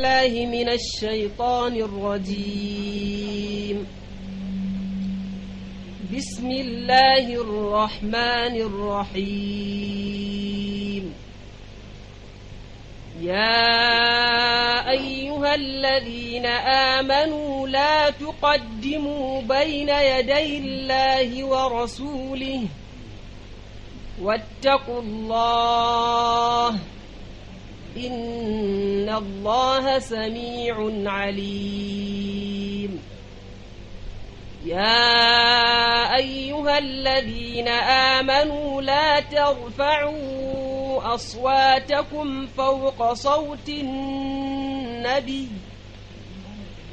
بالله من الشيطان الرجيم بسم الله الرحمن الرحيم يا أيها الذين آمنوا لا تقدموا بين يدي الله ورسوله واتقوا الله إن إن الله سميع عليم يا أيها الذين آمنوا لا ترفعوا أصواتكم فوق صوت النبي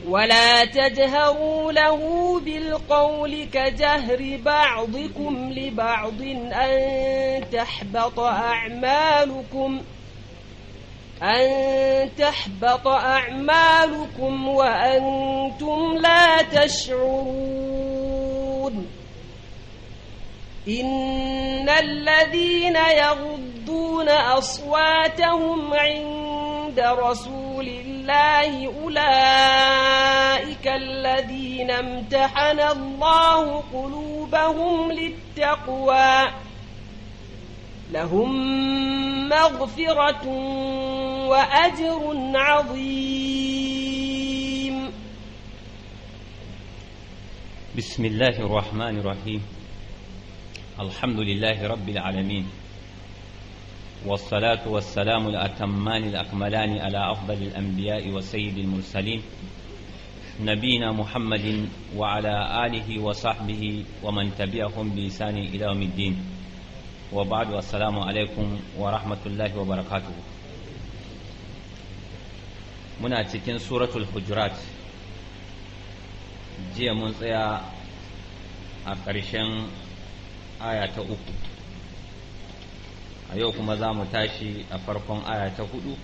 ولا تجهروا له بالقول كجهر بعضكم لبعض أن تحبط أعمالكم ۖ أن تحبط أعمالكم وأنتم لا تشعرون إن الذين يغضون أصواتهم عند رسول الله أولئك الذين امتحن الله قلوبهم للتقوى لهم مغفرة وأجر عظيم بسم الله الرحمن الرحيم الحمد لله رب العالمين والصلاة والسلام الأتمان الأكملان على أفضل الأنبياء وسيد المرسلين نبينا محمد وعلى آله وصحبه ومن تبعهم بإسان إلى يوم الدين wa ba'du assalamu alaikum wa rahmatullahi wa barakatuhu muna cikin suratul hujurat jiya mun tsaya a ƙarshen aya ta uku a yau kuma za mu tashi a farkon aya ta hudu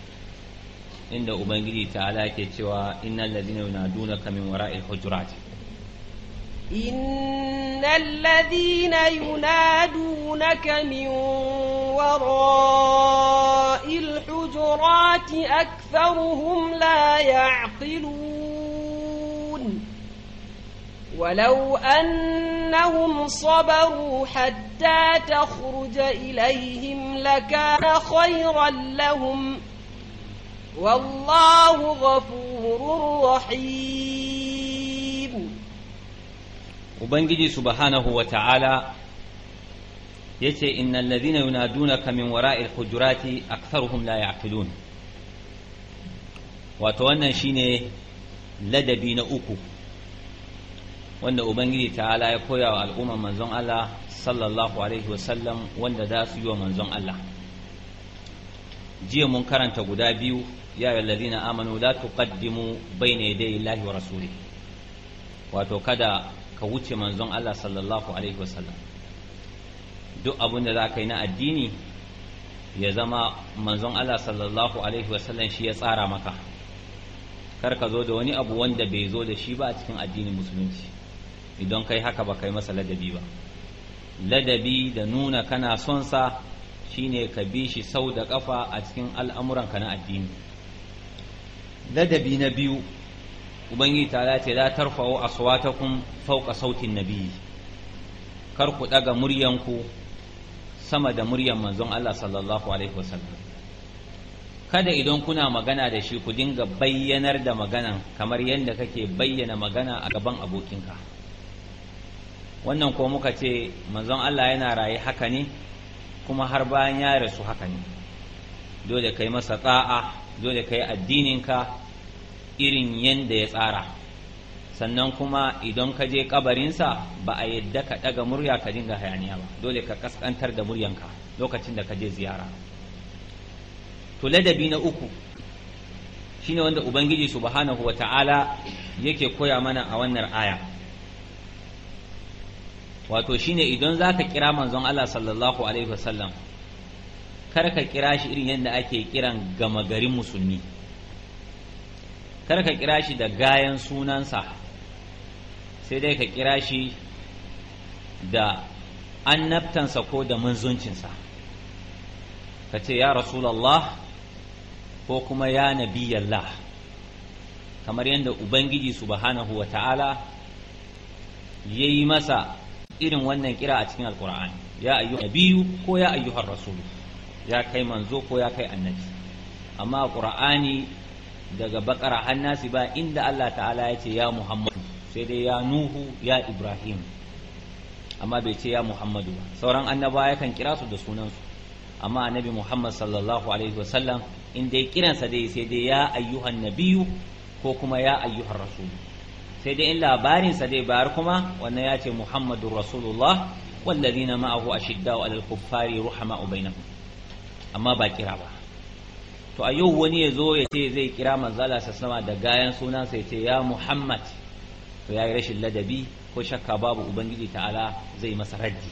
inda ubangiji ta ke cewa innal ladina yunadunaka min wara'il hujurat إن الذين ينادونك من وراء الحجرات أكثرهم لا يعقلون ولو أنهم صبروا حتى تخرج إليهم لكان خيرا لهم والله غفور رحيم ubangiji subhanahu wa ta'ala yace innal ladhina yunadunaka min wara'il hujurati aktharuhum la ya'qilun wato wannan shine ladabi na uku wanda ubangiji ta'ala ya koya wa al'umman manzon Allah sallallahu alaihi wasallam wanda za su yi wa manzon Allah jiya mun karanta guda biyu ya ayyuhallazina amanu la tuqaddimu bai ne Allahi wa rasuli wato kada ka wuce manzon Allah sallallahu alaihi wasallam duk abin da za ka yi na addini ya zama manzon Allah sallallahu alaihi wasallam shi ya tsara maka kar ka zo da wani abu wanda bai zo da shi ba a cikin addinin musulunci idan kai haka ba kai masa ladabi ba ladabi da nuna kana son sa shine ka bi shi sau da kafa a cikin al'amuranka na addini ladabi na biyu ubangiji ta ce la tarfa'u kun fawqa sautin nabi kar ku daga muryanku sama da muryan manzon Allah sallallahu alaihi wasallam kada idan kuna magana da shi ku dinga bayyanar da maganan kamar yadda kake bayyana magana a gaban abokinka wannan ko muka ce manzon Allah yana raye haka ne kuma har bayan ya rasu haka ne dole kai masa tsa'a dole kai addininka irin yadda ya tsara sannan kuma idan ka je kabarinsa ba a yadda ka ɗaga murya ka dinga hayaniya ba dole ka kaskantar da muryanka lokacin da ka je ziyara to ladabi na uku shine wanda ubangiji subhanahu wata'ala yake koya mana a wannan aya wato shine idan zaka kira manzon Allah sallallahu alaihi wasallam kar ka kira shi irin yadda ake kiran gama garin musulmi kar ka kira shi da gayan sunansa sai dai ka kira shi da annabtansa ko da manzuncinsa ka ce ya rasulallah ko kuma ya nabiyallah kamar yadda ubangiji subhanahu wa ta'ala ya yi masa irin wannan kira a cikin alkur'ani ya ayyu nabiyu ko ya ayyuhar rasulu ya kai manzo ko ya kai annabi amma alkur'ani daga bakara hannasi ba inda Allah ta'ala ya ce ya Muhammadu sai dai ya Nuhu ya Ibrahim amma bai ce ya Muhammadu ba sauran annaba kan kira su da sunansu amma annabi Muhammad sallallahu alaihi wasallam in dai kiransa dai sai dai ya ayyuhan nabiyu ko kuma ya ayyuhan rasulu sai dai in labarinsa dai bayar kuma wannan ya ce muhammadu Rasulullah والذين معه أشداء على الكفار رحماء amma ba kira ba. to a yau wani ya zo ya ce zai kira manzala sa sama da gayan sunansa ya ce ya muhammad to ya yi rashin ladabi ko shakka babu ubangiji ta'ala zai masa raddi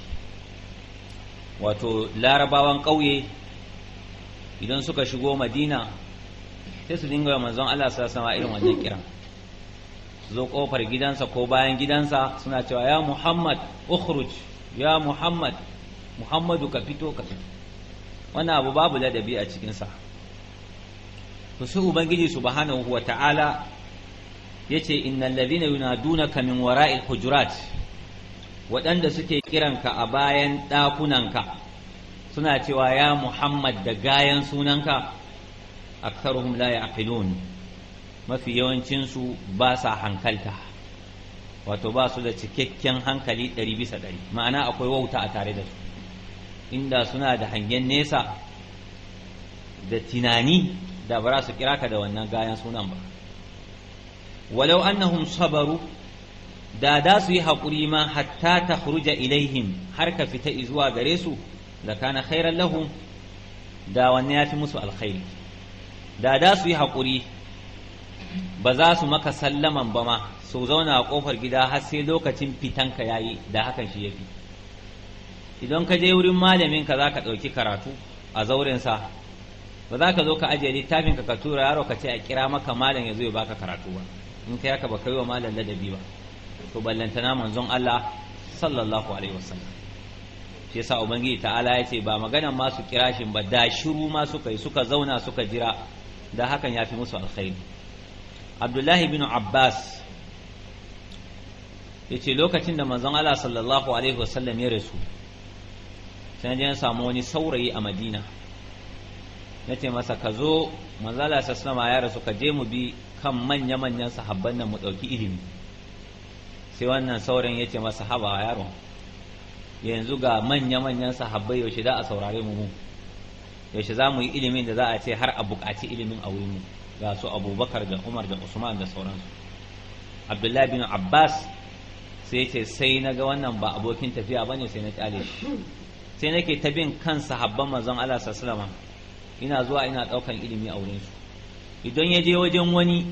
wato larabawan ƙauye idan suka shigo madina sai su dinga manzon allah sa sama irin wannan kiran su zo kofar gidansa ko bayan gidansa suna cewa ya muhammad ukhruj ya muhammad muhammadu ka fito ka fito wannan abu babu ladabi a cikinsa to ubangiji subhanahu wa ta'ala yace innal ladhina yunadunaka min wara'il hujurat waɗanda suke kiranka a bayan ka suna cewa ya Muhammad da gayan sunanka aktharuhum la ya'qilun mafi yawancinsu ba sa hankalta wato ba su da cikakken hankali ɗari bisa ɗari ma'ana akwai wauta a tare da su inda suna da hangen nesa da tunani da ba su kira ka da wannan gayan sunan ba walau annahum sabaru da da su yi haƙuri ma hatta ta huruja ilaihim har ka fita zuwa gare su da kana khairan lahum da wannan ya fi musu alkhairi da da su yi haƙuri ba za su maka sallaman ba ma su zauna a ƙofar gida har sai lokacin fitanka ya yi da hakan shi ya fi idan ka je wurin malamin ka za ka ɗauki karatu a zaurinsa ba za ka zo ka ajiye littafin ka ka tura yaro ka ce a kira maka malam ya zo ya baka karatu ba in kai haka ba kai wa malam ladabi ba to ballantana manzon Allah sallallahu alaihi wasallam shi yasa ubangiji ta'ala ya ce ba maganan ma su kira ba da shiru ma suka yi suka zauna suka jira da hakan ya fi musu alkhairi abdullahi bin abbas yace lokacin da manzon Allah sallallahu alaihi wasallam ya rasu sai ya samu wani saurayi a madina na ce masa ka zo manzala sassama ya rasu ka je mu bi kan manya-manyan sahabban nan mu ɗauki ilimi sai wannan saurin ya ce masa haba yaron yanzu ga manya-manyan sahabbai yaushe za a saurare mu mu yaushe za mu yi ilimin da za a ce har a buƙaci ilimin a wuri mu ga su abubakar da umar da usman da sauransu abdullahi bin abbas sai ce sai na ga wannan ba abokin tafiya ba ne sai na ƙyale shi sai nake ta bin kan sahabban manzon allah sassalama ina zuwa ina ɗaukan ilimi a wurinsu idan ya je wajen wani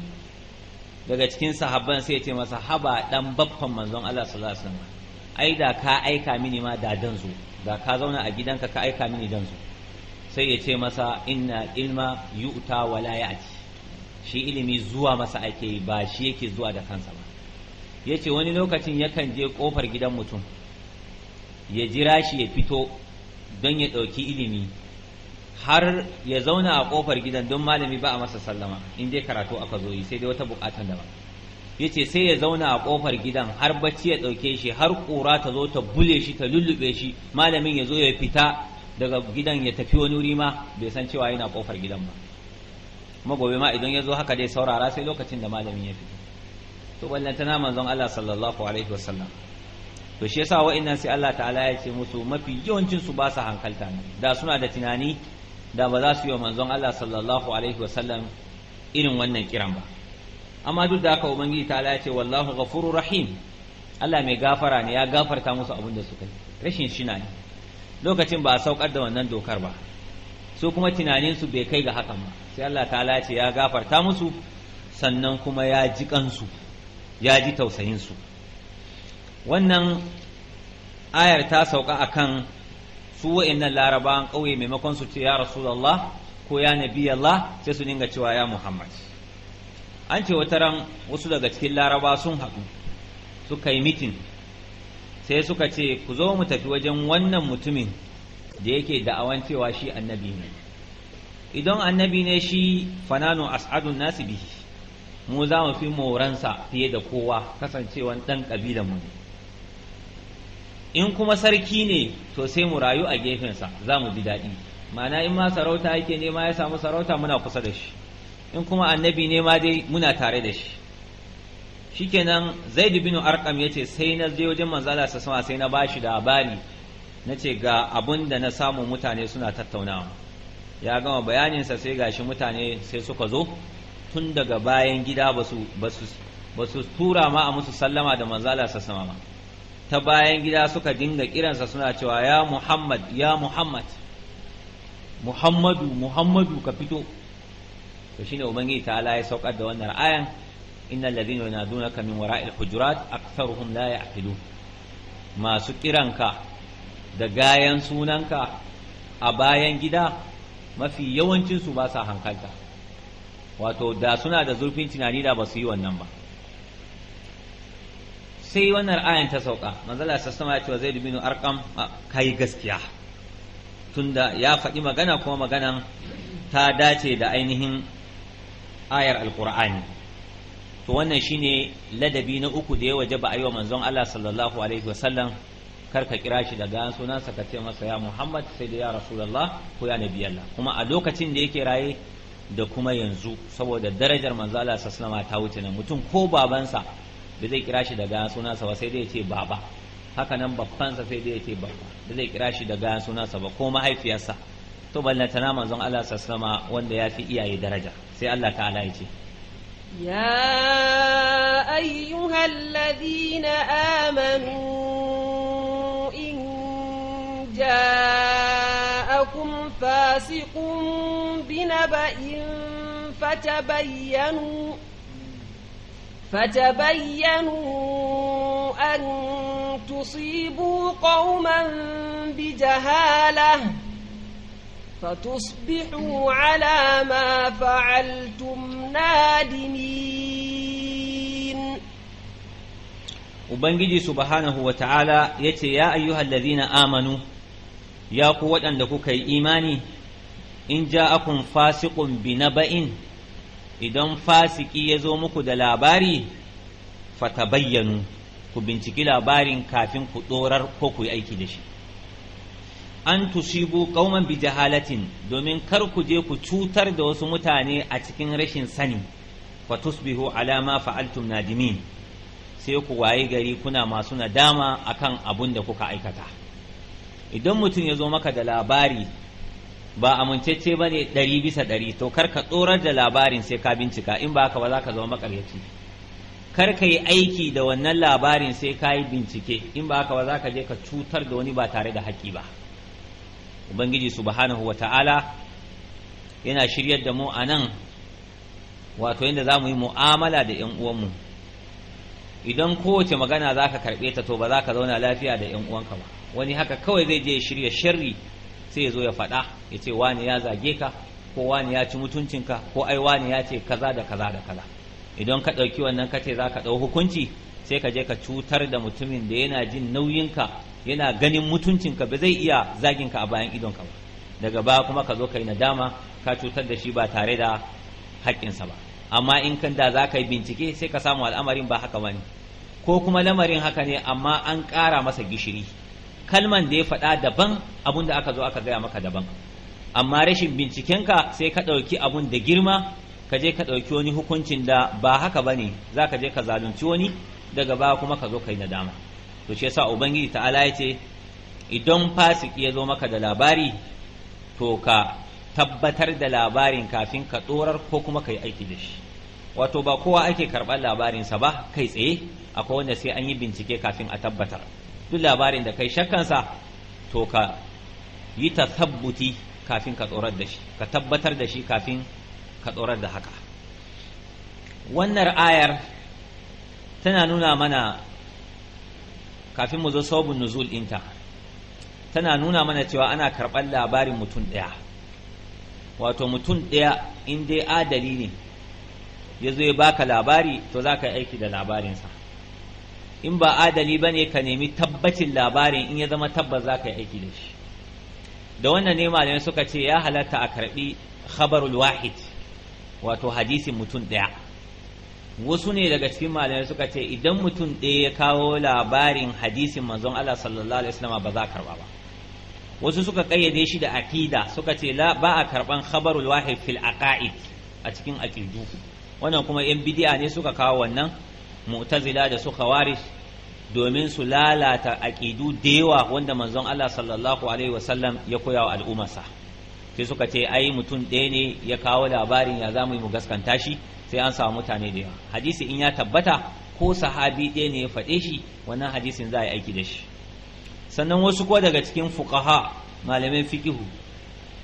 daga cikin sahabban sai ya ce masa haba ɗan baffan manzon Allah sallallahu alaihi wasallam ai da ka aika mini ma da dan zo da ka zauna a gidanka ka aika mini dan zo sai ya ce masa inna ilma yu'ta wa la ya'ti shi ilimi zuwa masa ake ba shi yake zuwa da kansa ba yace wani lokacin yakan je kofar gidan mutum ya jira shi ya fito don ya ɗauki ilimi har ya zauna a kofar gidan don malami ba a masa sallama in dai karatu aka zo yi sai dai wata bukatan da ba yace sai ya zauna a kofar gidan har bacci ya dauke shi har kura ta zo ta bule shi ta lullube shi malamin ya zo ya fita daga gidan ya tafi wani wuri ma bai san cewa yana kofar gidan ba magobe ma idan ya zo haka dai saurara sai lokacin da malamin ya fita to wannan tana manzon Allah sallallahu alaihi wasallam to shi yasa wa'annan sai Allah ta'ala ya ce musu mafi yawancin su ba su hankalta da suna da tunani da ba za su yi wa manzon Allah sallallahu alaihi wasallam irin wannan kiran ba amma duk da haka ubangiji ta ya ce wallahu ghafurur rahim Allah mai gafara ne ya gafarta musu abin da suka yi rashin shina ne lokacin ba a saukar da wannan dokar ba su kuma tunanin su bai kai ga hakan ba sai Allah ta ya ce ya gafarta musu sannan kuma ya ji kansu ya ji tausayin su wannan ayar ta sauka akan su wa'annan larabawan ƙauye maimakon su ce ya rasulullah ko ya nabiyallah sai su dinga cewa ya muhammad an ce wata ran wasu daga cikin laraba sun haɗu suka yi mitin sai suka ce ku zo mu tafi wajen wannan mutumin da yake da'awan cewa shi annabi ne idan annabi ne shi fananu as'adun nasibi mu za mu fi moransa fiye da kowa kasancewan ɗan ƙabilan mu ne in kuma sarki ne to sai mu rayu a gefensa za mu ji daɗi ma'ana in ma sarauta yake nema ya samu sarauta muna kusa da shi in kuma annabi ne ma dai muna tare da shi shikenan zaid bin arqam yace sai na je wajen manzo Allah sallallahu sai na bashi da labari nace ga abun da na samu mutane suna tattaunawa ya gama bayanin sa sai gashi mutane sai suka zo tun daga bayan gida basu basu basu tura ma a musu sallama da manzo Allah sallallahu ta bayan gida suka dinga kiransa suna cewa ya muhammad ya muhammad muhammadu muhammadu ka fito to shine ubangiji ta'ala ya saukar da wannan ayan innal ladina yanadunaka min wara'il hujurat aktharuhum la ya'qilun masu kiranka da gayan sunanka a bayan gida mafi yawancinsu ba sa hankalta wato da suna da zurfin tunani da ba su yi wannan ba sai wannan ayan ta sauka manzala sassama ya ce wa zai dubinu arkam yi gaskiya tunda ya faɗi magana kuma maganan ta dace da ainihin ayar alkur'ani to wannan shine ladabi na uku da ya waje ba a yi wa manzon Allah sallallahu alaihi wasallam kar ka kira shi daga sunansa ka ce masa ya Muhammad sai da ya Rasulullah ko ya Nabi Allah kuma a lokacin da yake raye da kuma yanzu saboda darajar Manzala sallallahu ta wuce nan mutum ko babansa da zai kira shi daga suna sa sai dai ya ce baba haka nan sa sai dai ya ce baba da zai kira shi daga suna sa ba ko mahaifiyarsa to ballantana manzon Allah sassama wanda ya fi iyaye daraja sai Allah ta'ala ya ce يا أيها الذين آمنوا إن جاءكم فاسق بنبأ فتبينوا فتبينوا أن تصيبوا قوما بجهالة فتصبحوا على ما فعلتم نادمين Ubangiji subhanahu wa ta’ala ya ce, “Ya ayyuhal ladina amanu, ya ku waɗanda kuka yi imani, in ja akun fasikun bi ba’in” idan fasiki ya zo muku da labari fata bayyanu ku binciki labarin kafin ku dorar ko ku yi aiki da shi an tusibu kauman bi jahalatin domin kar ku je ku cutar da wasu mutane a cikin rashin sani fa tusbihu ala ma fa'altum nadimin sai ku waye gari kuna masu nadama akan abun da kuka aikata idan mutum ya zo maka da labari ba amincece ba ne ɗari bisa ɗari to kar ka tsorar da labarin sai ka bincika in ba haka ba za ka zama makaryaci kar ka yi aiki da wannan labarin sai ka yi bincike in ba haka ba za ka je ka cutar da wani ba tare da haƙi ba ubangiji subhanahu wa ta'ala yana shiryar da mu a nan wato yadda za mu yi mu'amala da 'yan uwanmu idan kowace magana za ka karɓe ta to ba za ka zauna lafiya da 'yan uwanka ba wani haka kawai zai je shirya sharri sai ya zo ya faɗa ya ce wani ya zage ka ko wani ya ci mutuncinka ko ai wani ya ce kaza da kaza da kaza idan ka ɗauki wannan ka ce za ka ɗau hukunci sai ka je ka cutar da mutumin da yana jin nauyinka yana ganin mutuncinka ba zai iya zaginka a bayan idonka ba daga baya kuma ka zo ka yi nadama ka cutar da shi ba tare da haƙƙinsa ba amma in kan da za ka yi bincike sai ka samu al'amarin ba haka ba ne ko kuma lamarin haka ne amma an ƙara masa gishiri kalman da ya faɗa daban abun da aka zo aka gaya maka daban amma rashin bincikenka sai ka ɗauki abun da girma ka je ka ɗauki wani hukuncin da ba haka ba ne za ka je ka zalunci wani daga baya kuma ka zo ka yi nadama to shi yasa ubangiji ta'ala ya ce idan Fasik ya zo maka da labari to ka tabbatar da labarin kafin ka ɗorar ko kuma ka yi aiki da shi wato ba kowa ake karɓar labarinsa ba kai tsaye akwai wanda sai an yi bincike kafin a tabbatar duk labarin da kai shakkansa to ka yi ta tabbuti kafin ka tsorar da shi ka tabbatar da shi kafin ka tsorar da haka wannan ayar tana nuna mana kafin mu zo sabon nuzul ɗinta tana nuna mana cewa ana karɓar labarin mutum ɗaya wato mutum ɗaya in dai adali ne ya zo ya baka labari to za ka yi aiki da labarinsa in ba adali ba ne ka nemi tabbacin labarin in ya zama tabbas za ka yi aiki da shi da wannan ne malamai suka ce ya halatta a karbi khabarul wahid wato hadisin mutum ɗaya wasu ne daga cikin malamai suka ce idan mutum ɗaya ya kawo labarin hadisin manzon Allah sallallahu alaihi wasallam ba za karba ba wasu suka kayyade shi da aqida suka ce la ba a karban khabarul wahid fil aqaid a cikin aqidu wannan kuma yan bid'a ne suka kawo wannan mu'tazila da su khawarij domin su lalata aqidu da yawa wanda manzon Allah sallallahu alaihi wasallam ya koya wa al'ummarsa sai suka ce ai mutum ɗaya ne ya kawo labarin ya zamu yi mu gaskanta shi sai an samu mutane da yawa hadisi in ya tabbata ko sahabi ɗaya ne ya faɗe shi wannan hadisin za a yi aiki da shi sannan wasu ko daga cikin fuqaha malamin fiqihu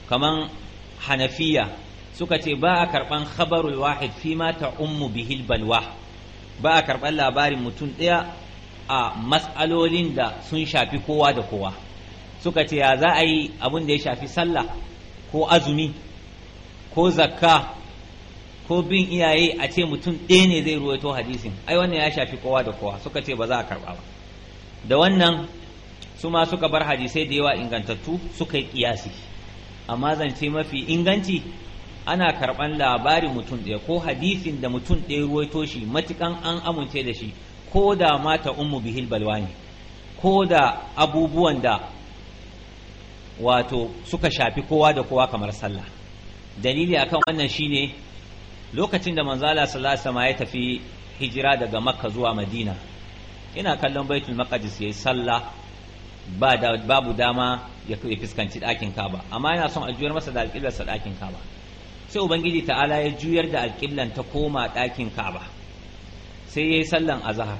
kaman hanafiya suka ce ba a karɓan khabarul wahid fi ma ta'ummu bihil balwa ba a karɓar labarin mutum ɗaya a matsalolin da sun shafi kowa da kowa suka ce ya za a yi abin da ya shafi sallah ko azumi ko zakka ko bin iyaye a ce mutum ɗaya ne zai ruwaito hadisin ai wannan ya shafi kowa da kowa suka ce ba za a karɓa ba da wannan su ma suka bar hadisai da yawa ingantattu suka yi ƙiyasi amma zance mafi inganci ana karɓan labarin mutum ɗaya ko hadisin da mutum ɗaya ruwaito shi matukan an amince da shi ko da mata ummu bihil balwa ne ko da abubuwan da wato suka shafi kowa da kowa kamar sallah dalili akan wannan shine lokacin da manzala sallallahu ya tafi hijira daga makka zuwa madina ina kallon baitul ya yayi sallah ba babu dama ya fuskanci ɗakin kaba amma yana son ajiyar masa da alƙiblarsa ɗakin kaba sai ubangiji ta'ala ya juyar da alƙiblan ta koma ɗakin ka'aba sai ya yi sallan azahar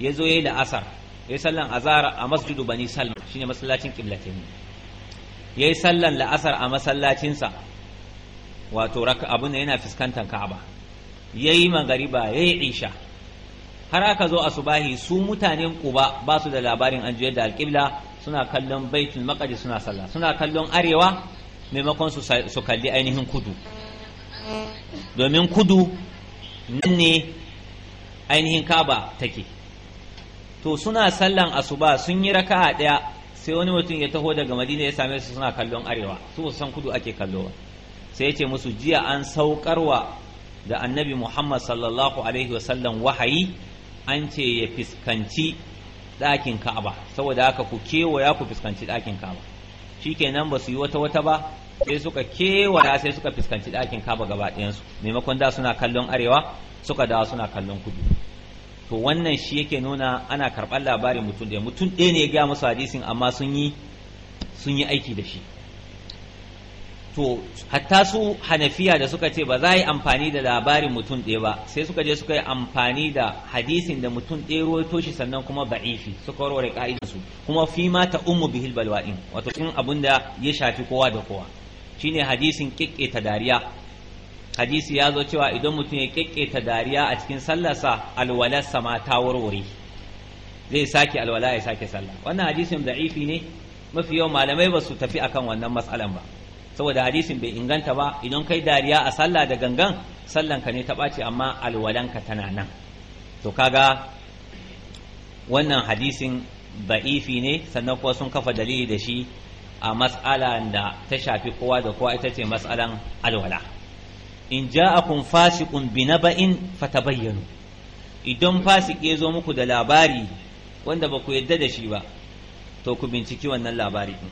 ya zo ya yi la'asar ya yi sallan azahar a masjidu bani salma shine masallacin ƙiblatin ya yi sallan la'asar a masallacinsa wato raka abin yana fuskantar ka'aba ya yi magariba ya yi isha har aka zo asubahi su mutanen kuba ba su da labarin an juyar da alƙibla suna kallon baitul maƙadi suna sallah suna kallon arewa maimakon su kalli ainihin kudu domin kudu nan ne ainihin kaba take to suna sallan asuba sun yi raka'a ɗaya sai wani mutum ya taho daga madina ya same su suna kallon arewa su san kudu ake kallo sai ya ce musu jiya an saukarwa da annabi muhammad sallallahu alaihi wasallam wahayi an ce ya fiskanci ɗakin ka'aba saboda haka ku kewaya ku fiskanci ɗakin ka'aba nan ba su yi wata wata ba sai suka kewaya sai suka fuskanci ɗakin kaba gaba ɗayansu maimakon da suna kallon arewa suka dawo suna kallon kudu to wannan shi yake nuna ana karɓar labarin mutum ɗaya mutum ɗaya ne ya gaya masu hadisin amma sun yi sun yi aiki da shi to hatta su hanafiya da suka ce ba za a yi amfani da labarin mutum ɗaya ba sai suka je suka yi amfani da hadisin da mutum ɗaya ruwaito shi sannan kuma ba'ifi suka warware ka'idansu kuma fi ma ta umu bihil balwa'in wato cikin abin da ya shafi kowa da kowa shine hadisin ta dariya hadisi ya zo cewa idan mutum ya ta dariya a cikin sallarsa alwalarsa ma ta warware zai sake alwala ya sake sallah wannan hadisin da'ifi ne mafi yawan malamai ba su tafi akan wannan matsalan ba saboda hadisin bai inganta ba idan kai dariya a sallah da gangan sallanka ne ta ɓaci amma alwalanka tana nan to kaga wannan hadisin ba'ifi ne sannan kuwa sun kafa dalili da shi a matsalan da ta shafi kowa da kowa ita ce matsalan alwala in ja'akum fasiqun fata bayyanu. idan fasiki ke zo muku da labari wanda ba ku yadda da shi ba to ku binciki wannan labari din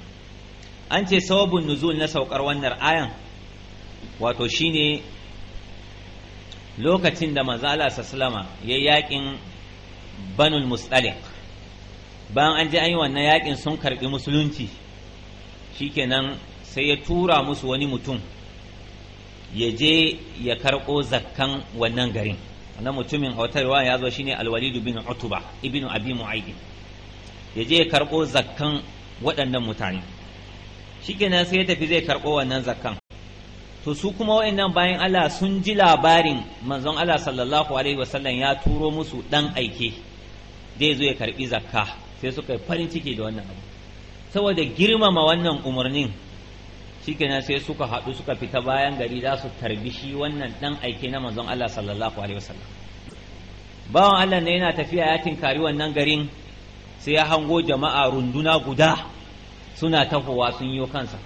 an ce sababin nuzul na saukar wannan ayan wato shine lokacin da manzo Allah sallama ya yakin banul mustaliq bayan an je an yi wannan yakin sun karbi musulunci shikenan sai ya tura musu wani mutum ya je ya karɓo zakkan wannan garin wannan mutumin hautarwa ya zo shine alwalidu bin utuba ibnu abi mu'aydin ya je ya karɓo zakkan waɗannan mutane shikenan sai ya tafi zai karɓo wannan zakkan to su kuma waɗannan bayan Allah sun ji labarin manzon Allah sallallahu alaihi wasallam ya turo musu ɗan aike zai zo ya karɓi zakka sai suka yi farin ciki da wannan abu saboda girmama wannan umarnin shikenan sai suka haɗu suka fita bayan gari za su tarbi shi wannan ɗan aike na manzon Allah sallallahu alaihi wasallam bawan Allah ne yana tafiya ya tinkari wannan garin sai ya hango jama'a runduna guda suna tafowa sun yi kansa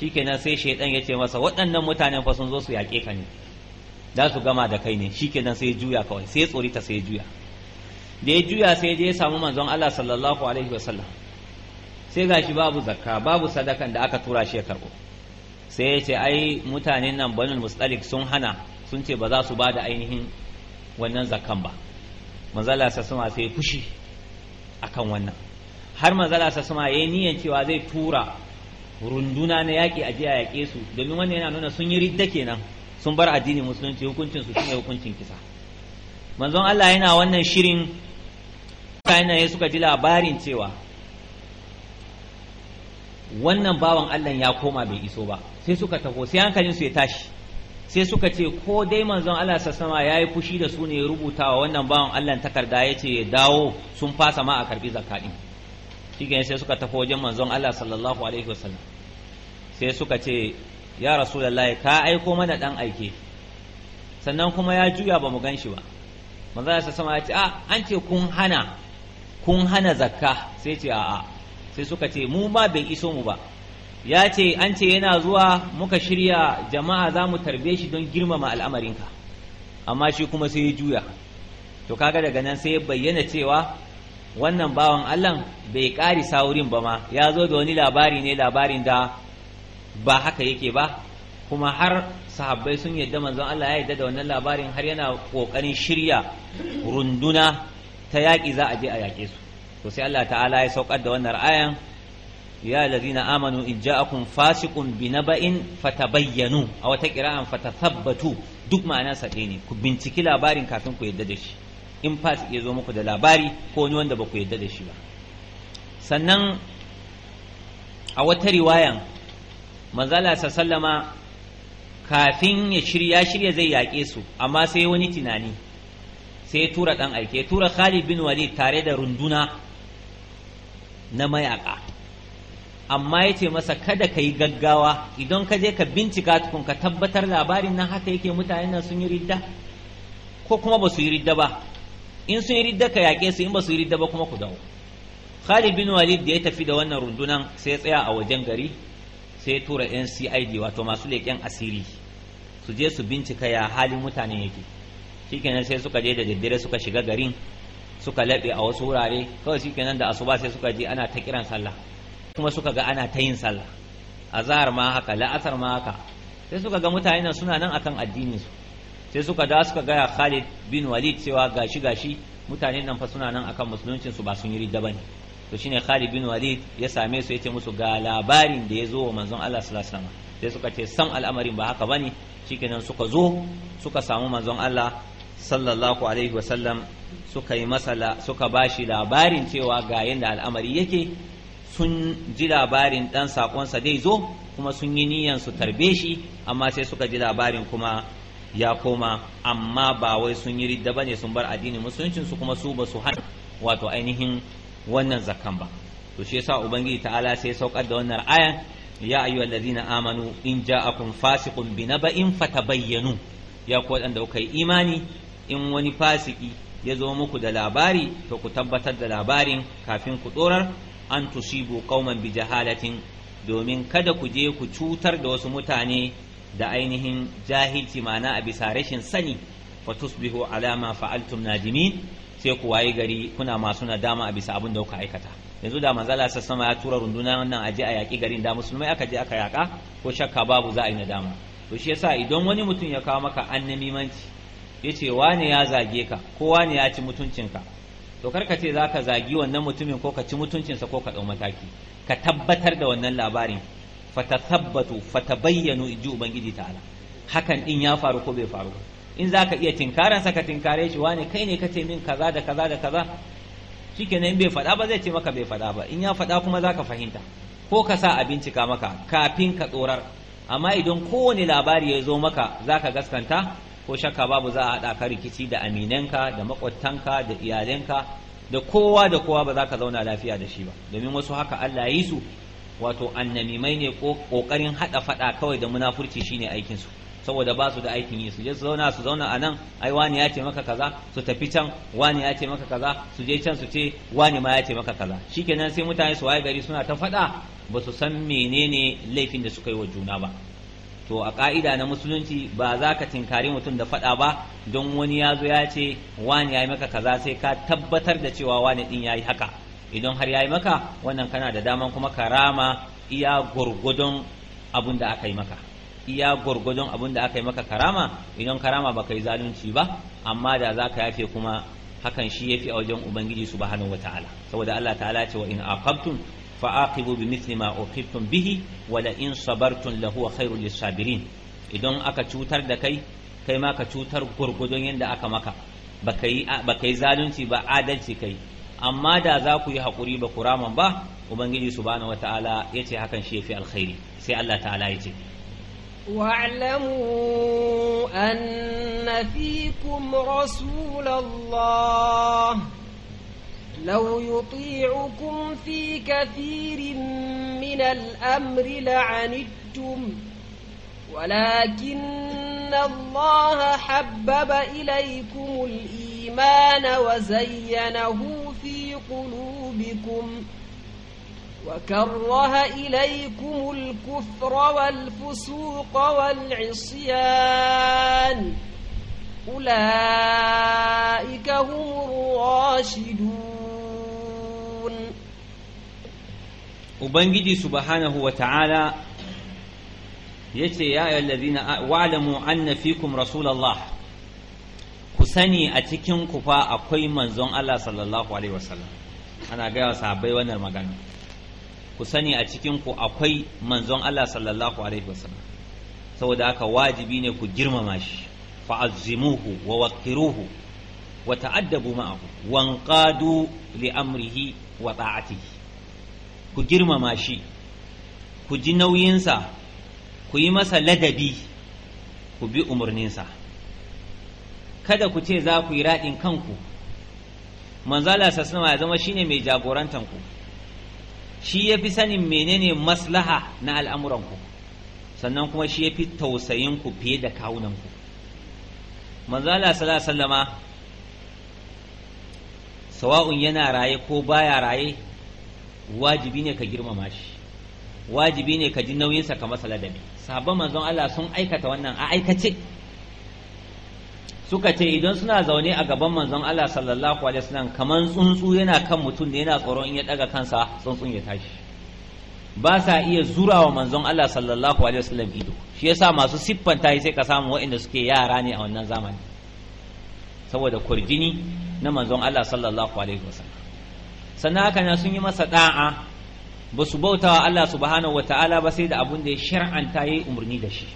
shikenan sai shaidan ya ce masa waɗannan mutanen fa sun zo su yaƙe ka ne za su gama da kai ne shikenan sai juya kawai sai tsorita sai juya da ya juya sai je ya samu manzon Allah sallallahu alaihi wasallam sai ga shi babu zakka babu sadakan da aka tura shi ya karbo sai ya ce ai mutanen nan banul mustalik sun hana sun ce ba za su ba da ainihin wannan zakkan ba manzala suma sai fushi akan wannan har manzala sa ya yi niyan cewa zai tura runduna na yaƙi a jiya yaƙe su domin wannan yana nuna sun yi ridda kenan sun bar addinin musulunci hukuncin su shine hukuncin kisa manzon Allah yana wannan shirin mutane suka ji labarin cewa wannan bawan Allah ya koma bai iso ba sai suka taho sai hankalin su ya tashi sai suka ce ko dai manzon Allah sa ya yi fushi da su ne ya rubuta wa wannan bawan Allah takarda ya ce ya dawo sun fasa ma a karbi zakka din shi sai suka taho wajen manzon Allah sallallahu alaihi wasallam sai suka ce ya rasulullah ka aiko mana dan aike sannan kuma ya juya ba mu gan shi ba manzon Allah sama ya ce a ah, an ce kun hana kun hana zakka sai ce a'a sai suka ce mu ma bai iso mu ba ya ce an ce yana zuwa muka shirya jama'a za mu tarbe shi don girmama al'amarinka amma shi kuma sai ya juya to kaga daga nan sai ya bayyana cewa wannan bawan allah bai ƙari saurin ba ma ya zo da wani labari ne labarin da ba haka yake ba kuma har sahabbai sun yadda manzon allah ya yadda da wannan labarin har yana ƙoƙarin shirya runduna ta yaƙi za a je a yaƙe su to sai Allah ta'ala ya saukar da wannan ayan ya ladina amanu in ja'akum fasiqun naba'in fatabayyanu a wata qira'an fatathabbatu duk ma'anar sa ne ku binciki labarin kafin ku yadda da shi in fasik ya zo muku da labari ko wani wanda ba ku yadda da shi ba sannan a wata riwayan manzala sallama kafin ya shirya shirya zai yaƙe su amma sai wani tunani sai ya tura ɗan aike tura Khalid bin Walid tare da runduna na mayaka amma yace masa kada ka yi gaggawa idan ka je ka bincika tukun ka tabbatar labarin nan haka yake mutane nan sun yi ridda ko kuma ba su yi ridda ba in sun yi ridda ka yaƙe su in ba su yi ridda ba kuma ku dawo Khalid bin Walid da ya tafi da wannan rundunan sai tsaya a wajen gari sai ya tura NCID wato masu leƙen asiri su je su bincika ya halin mutane yake shikenan sai suka je da daddare suka shiga garin suka laɓe a wasu wurare kawai kenan da asuba sai suka ji ana ta kiran sallah kuma suka ga ana ta yin sallah zahar ma haka la'asar ma haka sai suka ga mutane nan suna nan akan addinin su sai suka da suka gaya Khalid bin Walid cewa gashi gashi mutane nan fa suna nan akan musuluncin su ba sun yi ridda bane to shine Khalid bin Walid ya same su yace musu ga labarin da ya zo wa manzon Allah sallallahu alaihi wasallam sai suka ce sam al'amarin ba haka bane shikenan suka zo suka samu manzon Allah sallallahu alaihi wasallam suka yi masala suka bashi labarin cewa ga yadda al'amari yake sun ji labarin dan sakonsa dai zo kuma sun yi niyan su tarbe shi amma sai suka ji labarin kuma ya koma amma ba wai sun yi ridda bane sun bar addinin musuluncin su kuma su ba su hana wato ainihin wannan zakan ba to shi yasa ubangiji ta'ala sai saukar da wannan ayan ya ladina amanu in ja'akum fasiqun binaba'in fatabayyanu ya ku wadanda kuka yi imani in wani fasiki ya zo muku da labari to ku tabbatar da labarin kafin ku tsorar an tusibu qauman bi jahalatin domin kada ku je ku cutar da wasu mutane da ainihin jahilci mana a bisa rashin sani fa tusbihu ala ma fa'altum najimin sai ku wayi gari kuna masu nadama a bisa abin da kuka aikata yanzu da manzala sassama ya tura runduna wannan aje a yaƙi garin da musulmai aka je aka yaƙa ko shakka babu za a yi nadama to shi yasa idan wani mutum ya kawo maka annamimanci yace wane ya zage ka ko wane ya ci ka to karka ka ce zaka zagi wannan mutumin ko ka ci mutuncinsa ko ka dau mataki ka tabbatar da wannan labarin fatathabbatu fatabayyanu inji ubangiji ta'ala hakan din ya faru ko bai faru in zaka iya tinkaran sa ka tinkare shi wane kai ne kace min kaza da kaza da kaza shikenan in bai fada ba zai ce maka bai fada ba in ya fada kuma zaka fahimta ko ka sa a bincika maka kafin ka tsorar amma idan kowane labari ya zo maka zaka gaskanta ko shakka babu za a haɗa ka rikici da aminanka da maƙwabtanka da iyalanka da kowa da kowa ba za ka zauna lafiya da shi ba domin wasu haka Allah ya yi su wato annamimai ne kokarin haɗa faɗa kawai da munafurci shine aikin su saboda ba su da aikin yi su je su zauna su zauna a nan ai wani ya ce maka kaza su tafi can wani ya ce maka kaza su je can su ce wani ma ya ce maka kaza shikenan sai mutane su waye gari suna ta faɗa ba su san menene laifin da suka yi wa juna ba to a ka'ida na musulunci ba za ka tinkari mutum da faɗa ba don wani ya zo ya ce wani ya yi maka kaza sai ka tabbatar da cewa wani ɗin ya yi haka idan har ya yi maka wannan kana da daman kuma ka rama iya gwargwadon abun da aka yi maka iya gwargwadon abun da aka yi maka karama idan karama ba ka yi zalunci ba amma da za ka yafe kuma hakan shi ya fi a wajen ubangiji subhanahu wataala saboda Allah ta'ala ce wa in aqabtum fa'aqibu bi mithli ma uqibtum bihi wa la in sabartum lahu khairul lisabirin idan aka cutar da kai kai ma ka cutar gurgudun yadda aka maka baka yi yi zalunci ba adalci kai amma da za ku yi haƙuri ba kuraman ba ubangiji subhanahu wataala yace hakan shi yafi alkhairi sai Allah ta'ala yace واعلموا أن فيكم رسول الله لو يطيعكم في كثير من الأمر لعنتم ولكن الله حبب إليكم الإيمان وزينه في قلوبكم وكره إليكم الكفر والفسوق والعصيان أولئك هم الراشدون ubangiji subhanahu wa ta'ala yace ya ayyuhallazina wa'lamu anna fikum rasulallah ku sani a cikin ku fa akwai manzon Allah sallallahu alaihi wasallam ana ga wa sahabbai wannan magana ku sani a cikin ku akwai manzon Allah sallallahu alaihi wasallam saboda haka wajibi ne ku girmama shi fa'azzimuhu wa waqiruhu wa ta'addabu ma'ahu wanqadu li amrihi wa ta'atihi ku girmama shi ku ji nauyinsa ku yi masa ladabi ku bi umarninsa kada ku ce za ku yi raɗin kanku manzala sassanawa ya zama shine mai jagorantanku shi ya fi sanin menene maslaha na al'amuranku sannan kuma shi ya fi tausayinku fiye da kawunanku manzala sallama sawa'un yana raye ko baya raye wajibi ne ka girmama shi wajibi ne ka ji nauyinsa ka masa ladabi sabon manzon Allah sun aikata wannan a aikace suka ce idan suna zaune a gaban manzon Allah sallallahu alaihi wasallam kaman tsuntsu yana kan mutum da yana tsoron in ya daga kansa tsuntsun ya tashi ba sa iya zurawa manzon Allah sallallahu alaihi wasallam ido shi yasa masu siffanta sai ka samu waɗanda suke yara ne a wannan zamani saboda kurjini na manzon Allah sallallahu alaihi wasallam sannan haka na sun yi masa da'a ba su bauta wa Allah subhanahu wata'ala ba sai da abun da ya shar'anta yayi umarni da shi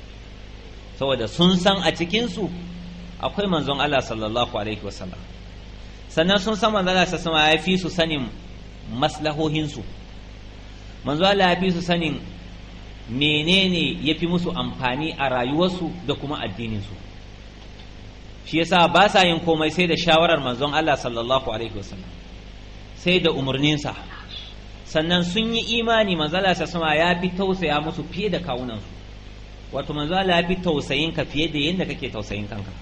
saboda sun san a cikinsu akwai manzon Allah sallallahu alaihi wasallam sannan sun san manzon Allah sallallahu alaihi wasallam ya fi su sanin maslahohinsu manzon Allah ya fi su sanin menene ya fi musu amfani a rayuwarsu da kuma addininsu shi yasa ba sa yin komai sai da shawarar manzon Allah sallallahu alaihi wasallam sai da umarninsa sannan sun yi imani manzala sa sama ya fi tausaya musu fiye da kawunansu wato manzala ya fi tausayin ka fiye da yadda kake tausayin kanka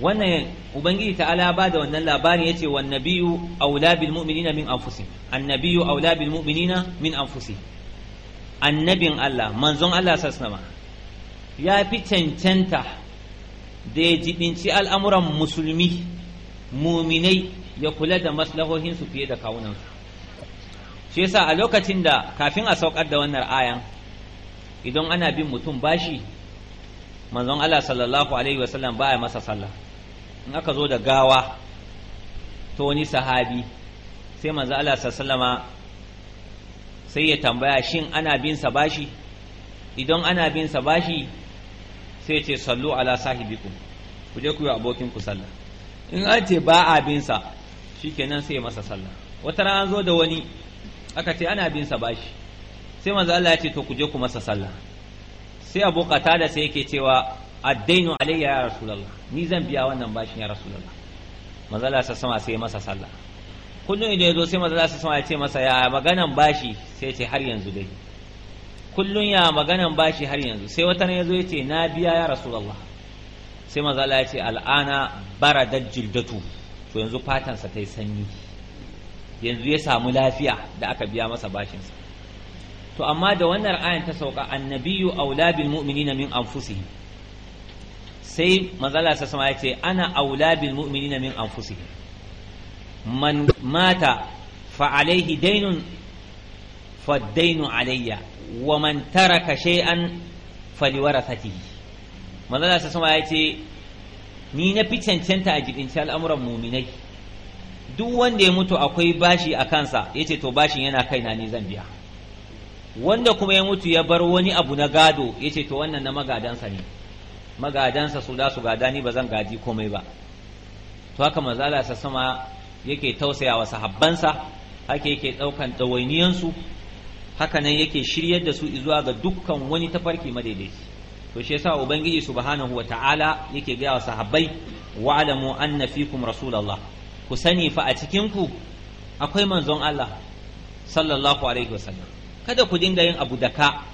wannan ubangiji ta'ala ba da wannan labarin ya ce nabiyyu aula bil mu'minina min anfusih annabiyyu aula bil mu'minina min anfusih annabin Allah manzon Allah sallallahu alaihi ya fi cancanta da ya jibinci al'amuran musulmi muminai ya kula da maslahohinsu fiye da kawunansu shi yasa a lokacin da kafin a saukar da wannan ayan idan ana bin mutum bashi manzon Allah sallallahu alaihi wasallam baya masa sallah in aka zo da gawa ta wani sahabi sai manzon Allah sallama sai ya tambaya shin ana bin sa bashi idan ana bin sa bashi sai ce sallu ala sahibikum ku je ku yi abokin ku sallah in an ce ba a bin sa shikenan sai masa sallah wata rana an zo da wani aka ce ana bin sa bashi sai manzo Allah ya ce to ku je ku masa sallah sai Abu Qatada sai yake cewa addainu alayya ya rasulullah ni zan biya wannan bashin ya rasulullah manzo Allah sa sama sai masa sallah kullun idan ya zo sai manzo Allah sa sama ya ce masa ya maganan bashi sai ce har yanzu dai kullun ya maganan bashi har yanzu sai wata ran ya ya ce na biya ya rasulullah sai manzo Allah ya ce al'ana baradajjildatu to yanzu fatansa ta yi sanyi yanzu ya samu lafiya da aka biya masa bashinsa to amma da wannan ayan ta sauka annabiyu aula bil mu'minina min anfusihim sai mazala sa sama yace ana aula bil mu'minina min anfusihim man mata fa alaihi dainun fa dainu alayya wa man taraka shay'an faliwarathatihi mazala sa sama yace ni na fi cancanta a jikin al'amuran muminai duk wanda ya mutu akwai bashi a kansa ya ce to bashin yana kaina ni zan biya wanda kuma ya mutu ya bar wani abu na gado ya ce to wannan na magadansa ne magadansa su da su gada ni ba zan gaji komai ba to haka mazala sa sama yake tausaya wa sahabbansa haka yake ɗaukan ɗawainiyansu haka nan yake shiryar da su izuwa ga dukkan wani tafarki madaidaici to shi yasa ubangiji subhanahu wa ta'ala yake gaya wa sahabbai wa alamu anna fikum rasulullah ku sani fa a cikin ku akwai manzon Allah sallallahu alaihi wasallam kada ku dinga yin abu da ka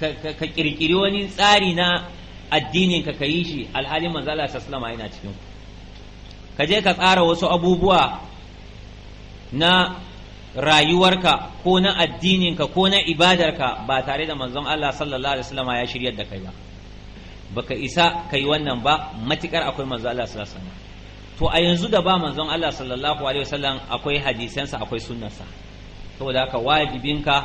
ka kirkiri wani tsari na addinin ka kayi shi alhalin manzon Allah sallallahu alaihi wasallam yana cikin ka je ka tsara wasu abubuwa na rayuwarka ko na addininka ko na ibadarka ba tare da manzon Allah sallallahu alaihi wasallam ya shiryar da kai ba baka isa kai wannan ba matikar akwai manzon Allah sallallahu alaihi wasallam to a yanzu da ba manzon Allah sallallahu alaihi wasallam akwai hadisansa akwai sunnarsa saboda haka wajibinka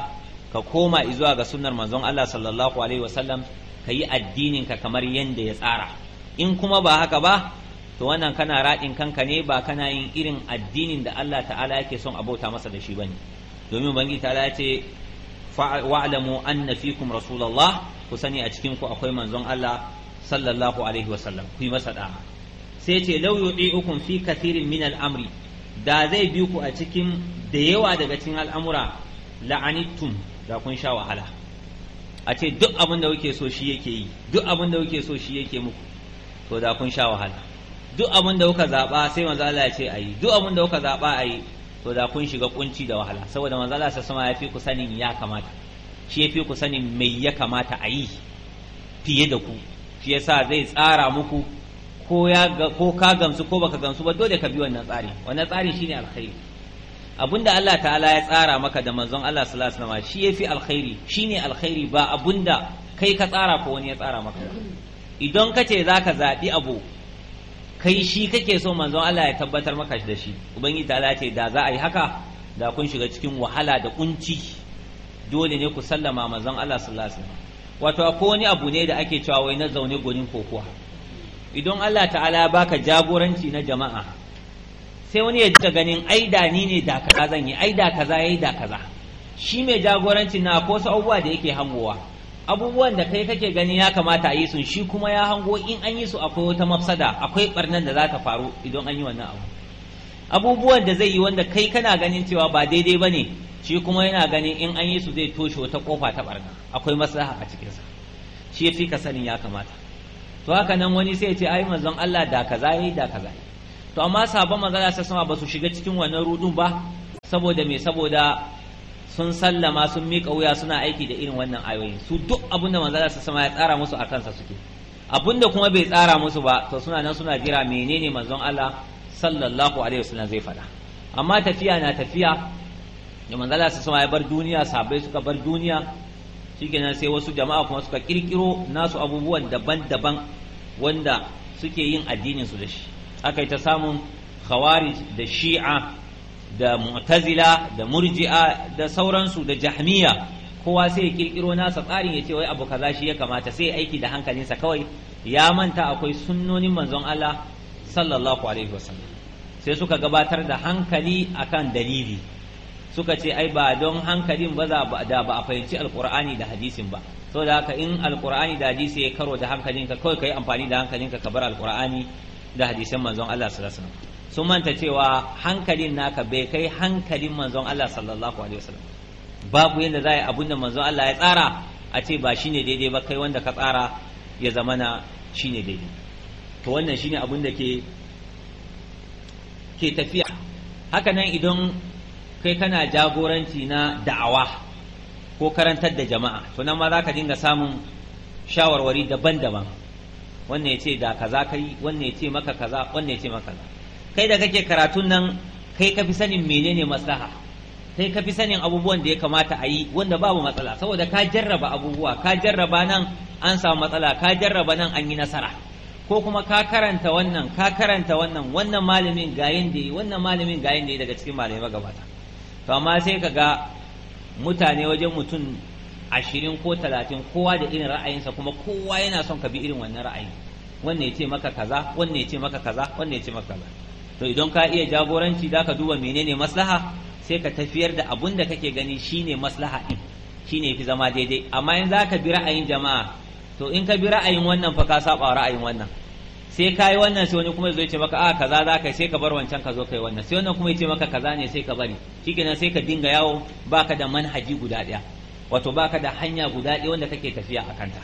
ka koma zuwa ga sunnar manzon Allah sallallahu alaihi wasallam ka yi addininka kamar yadda ya tsara in kuma ba haka ba to wannan kana raɗin kanka ne ba kana yin irin addinin da Allah ta'ala yake son abota masa da shi bane domin ubangiji ta'ala ya ce wa'lamu anna fikum rasulullah ku sani a cikin ku akwai manzon Allah sallallahu alaihi sallam ku yi masa da sai ce law yuti'ukum fi kathirin min al-amri da zai bi ku a cikin da yawa daga cikin al'amura la'anittum da kun sha wahala a ce duk abin da kuke so shi yake yi duk abin da kuke so shi yake muku to da kun sha wahala duk abin da kuka zaɓa sai manzo Allah ya ce ayi duk abin da kuka zaɓa ayi to da kun shiga kunci da wahala saboda manzo Allah sama ya fi ku sanin ya kamata shi ya fi ku sanin me ya kamata a yi fiye da ku shi yasa zai tsara muku ko ya ko ka gamsu ko baka gamsu ba dole ka bi wannan tsari wannan tsari shine alkhairi abinda Allah ta'ala ya tsara maka da manzon Allah sallallahu alaihi wasallam shi yafi alkhairi shine alkhairi ba abunda kai ka tsara ko wani ya tsara maka idan kace zaka zabi abu kai shi kake so manzon Allah ya tabbatar maka da shi ubangiji ta ce da za a yi haka da kun shiga cikin wahala da kunci dole ne ku sallama manzon Allah sallallahu alaihi wasallam wato akwai wani abu ne da ake cewa wai na zaune gonin kokowa idan Allah ta'ala ya baka jagoranci na jama'a sai wani ya ta ganin ai da ni ne da kaza zan yi ai da kaza yayi da kaza shi mai jagoranci na ko wasu abubuwa da yake hangowa abubuwan da kai kake gani ya kamata a yi su shi kuma ya hango in an yi su akwai wata mafsada akwai barnan da za ta faru idan an yi wannan abu abubuwan da zai yi wanda kai kana ganin cewa ba daidai ba ne shi kuma yana ganin in an yi su zai toshe wata kofa ta barna akwai maslaha a cikinsa shi ya fi ka sanin ya kamata to haka nan wani sai ya ce ai manzon Allah da kaza yi da kaza to amma sabon manzon Allah sai sama ba su shiga cikin wannan rudun ba saboda me saboda sun sallama sun miƙa wuya suna aiki da irin wannan ayoyin su duk abin da manzala su sama ya tsara musu a kansa suke abin da kuma bai tsara musu ba to suna nan suna jira menene manzon Allah sallallahu alaihi wasallam zai faɗa amma tafiya na tafiya da manzala su sama ya bar duniya sabai suka bar duniya shikenan sai wasu jama'a kuma suka kirkiro nasu abubuwan daban-daban wanda suke yin addinin su da shi aka yi ta samun khawarij da shi'a da mu'tazila da murji'a da sauransu da jahmiya kowa sai ya kirkiro nasa tsarin ya ce wai abu kaza shi ya kamata sai aiki da hankalinsa kawai ya manta akwai sunnonin manzon Allah sallallahu alaihi wasallam sai suka gabatar da hankali akan dalili suka ce ai ba don hankalin ba da ba a fahimci alqur'ani da hadisin ba saboda haka in alqur'ani da hadisi ya karo da hankalinka kawai kai amfani da hankalinka ka bar alqur'ani da hadisin manzon Allah sallallahu alaihi wasallam sun manta cewa hankalin naka bai kai hankalin manzon Allah sallallahu alaihi wasallam babu yadda za a yi abin da manzon Allah ya tsara a ce ba shine daidai ba kai wanda ka tsara ya zamana shine daidai to wannan shine abin da ke ke tafiya haka nan idan kai kana jagoranci na da'awa ko karantar da jama'a to nan ma za ka dinga samun shawarwari daban-daban wannan ya ce da kaza kai wannan ya ce maka kaza wannan ya ce maka kaza kai da kake karatun nan kai ka fi sanin menene maslaha kai ka fi sanin abubuwan da ya kamata a yi wanda babu matsala saboda ka jarraba abubuwa ka jarraba nan an samu matsala ka jarraba nan an yi nasara ko kuma ka karanta wannan ka karanta wannan wannan malamin ga da yi wannan malamin ga da yi daga cikin malamai magabata to amma sai ka ga mutane wajen mutum ashirin ko talatin kowa da irin ra'ayinsa kuma kowa yana son ka bi irin wannan ra'ayi, wannan ya ce maka kaza wannan ya ce maka kaza wannan ya ce maka kaza to idan ka iya jagoranci za ka duba menene maslaha sai ka tafiyar da abun da kake gani shine maslaha din shine fi zama daidai amma in za ka bi ra'ayin jama'a to in ka bi ra'ayin wannan fa ka saba ra'ayin wannan sai ka yi wannan sai wani kuma zai ce maka a ah, kaza za ka sai ka bar wancan ka zo ka yi wannan sai wannan kuma ya ce maka kaza ne sai ka bari shikenan sai ka dinga yawo baka da manhaji guda ɗaya wato baka da hanya guda ɗaya wanda kake tafiya a kanta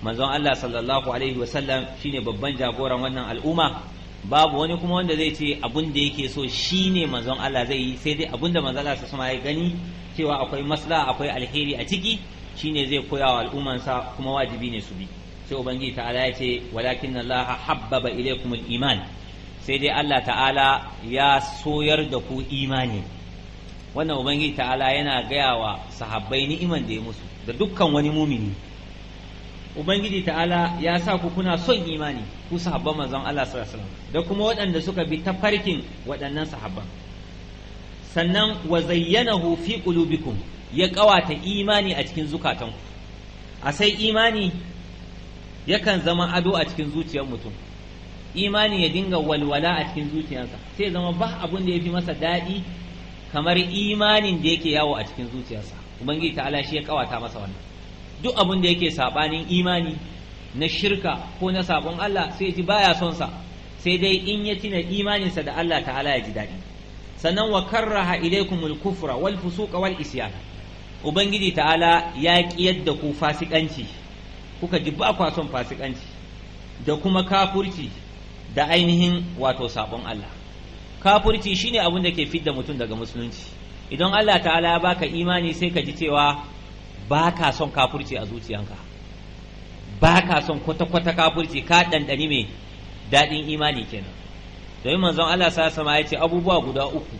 manzon Allah sallallahu alaihi wasallam shine babban jagoran wannan al'umma babu wani kuma wanda zai ce abun da yake so shine manzon Allah zai yi sai dai abun da manzon Allah sama ya gani cewa akwai maslaha akwai alheri a ciki shine zai koya wa al'ummansa kuma wajibi ne su bi sai ubangiji ta'ala ya ce walakin Allah habbaba ilaykum al-iman sai dai Allah ta'ala ya soyar da ku imani wannan ubangiji ta'ala yana gaya wa sahabbai ni'iman da ya musu da dukkan wani mumini ubangiji ta'ala ya sa ku kuna son imani ku sahabban manzon Allah sallallahu alaihi wasallam da kuma waɗanda suka bi ta farkin waɗannan sahabban sannan wa zayyanahu fi qulubikum ya kawata imani a cikin zukatanku a sai imani yakan zama ado a cikin zuciyar mutum imani ya dinga walwala a cikin zuciyarsa sai zama ba abun da ya fi masa daɗi kamar imanin da yake yawo a cikin zuciyarsa ubangiji ta'ala shi ya kawata masa wannan duk abin da yake sabanin imani na shirka ko na sabon Allah sai ji baya son sa sai dai in ya tina imaninsa da Allah ta'ala ya ji daɗi sannan wa karraha ilaikumul kufra wal fusuqa wal isyan ubangiji ta'ala ya kiyar da ku fasikanci kuka ji ba kwa son fasikanci da kuma kafurci da ainihin wato sabon Allah kafurci shine abin da ke fidda mutum daga musulunci idan Allah ta'ala ya baka imani sai ka ji cewa ba ka son kafurci a zuciyanka ba ka son kwata-kwata kafurci ka ɗanɗani mai daɗin imani kenan domin manzon Allah sa sama ya ce abubuwa guda uku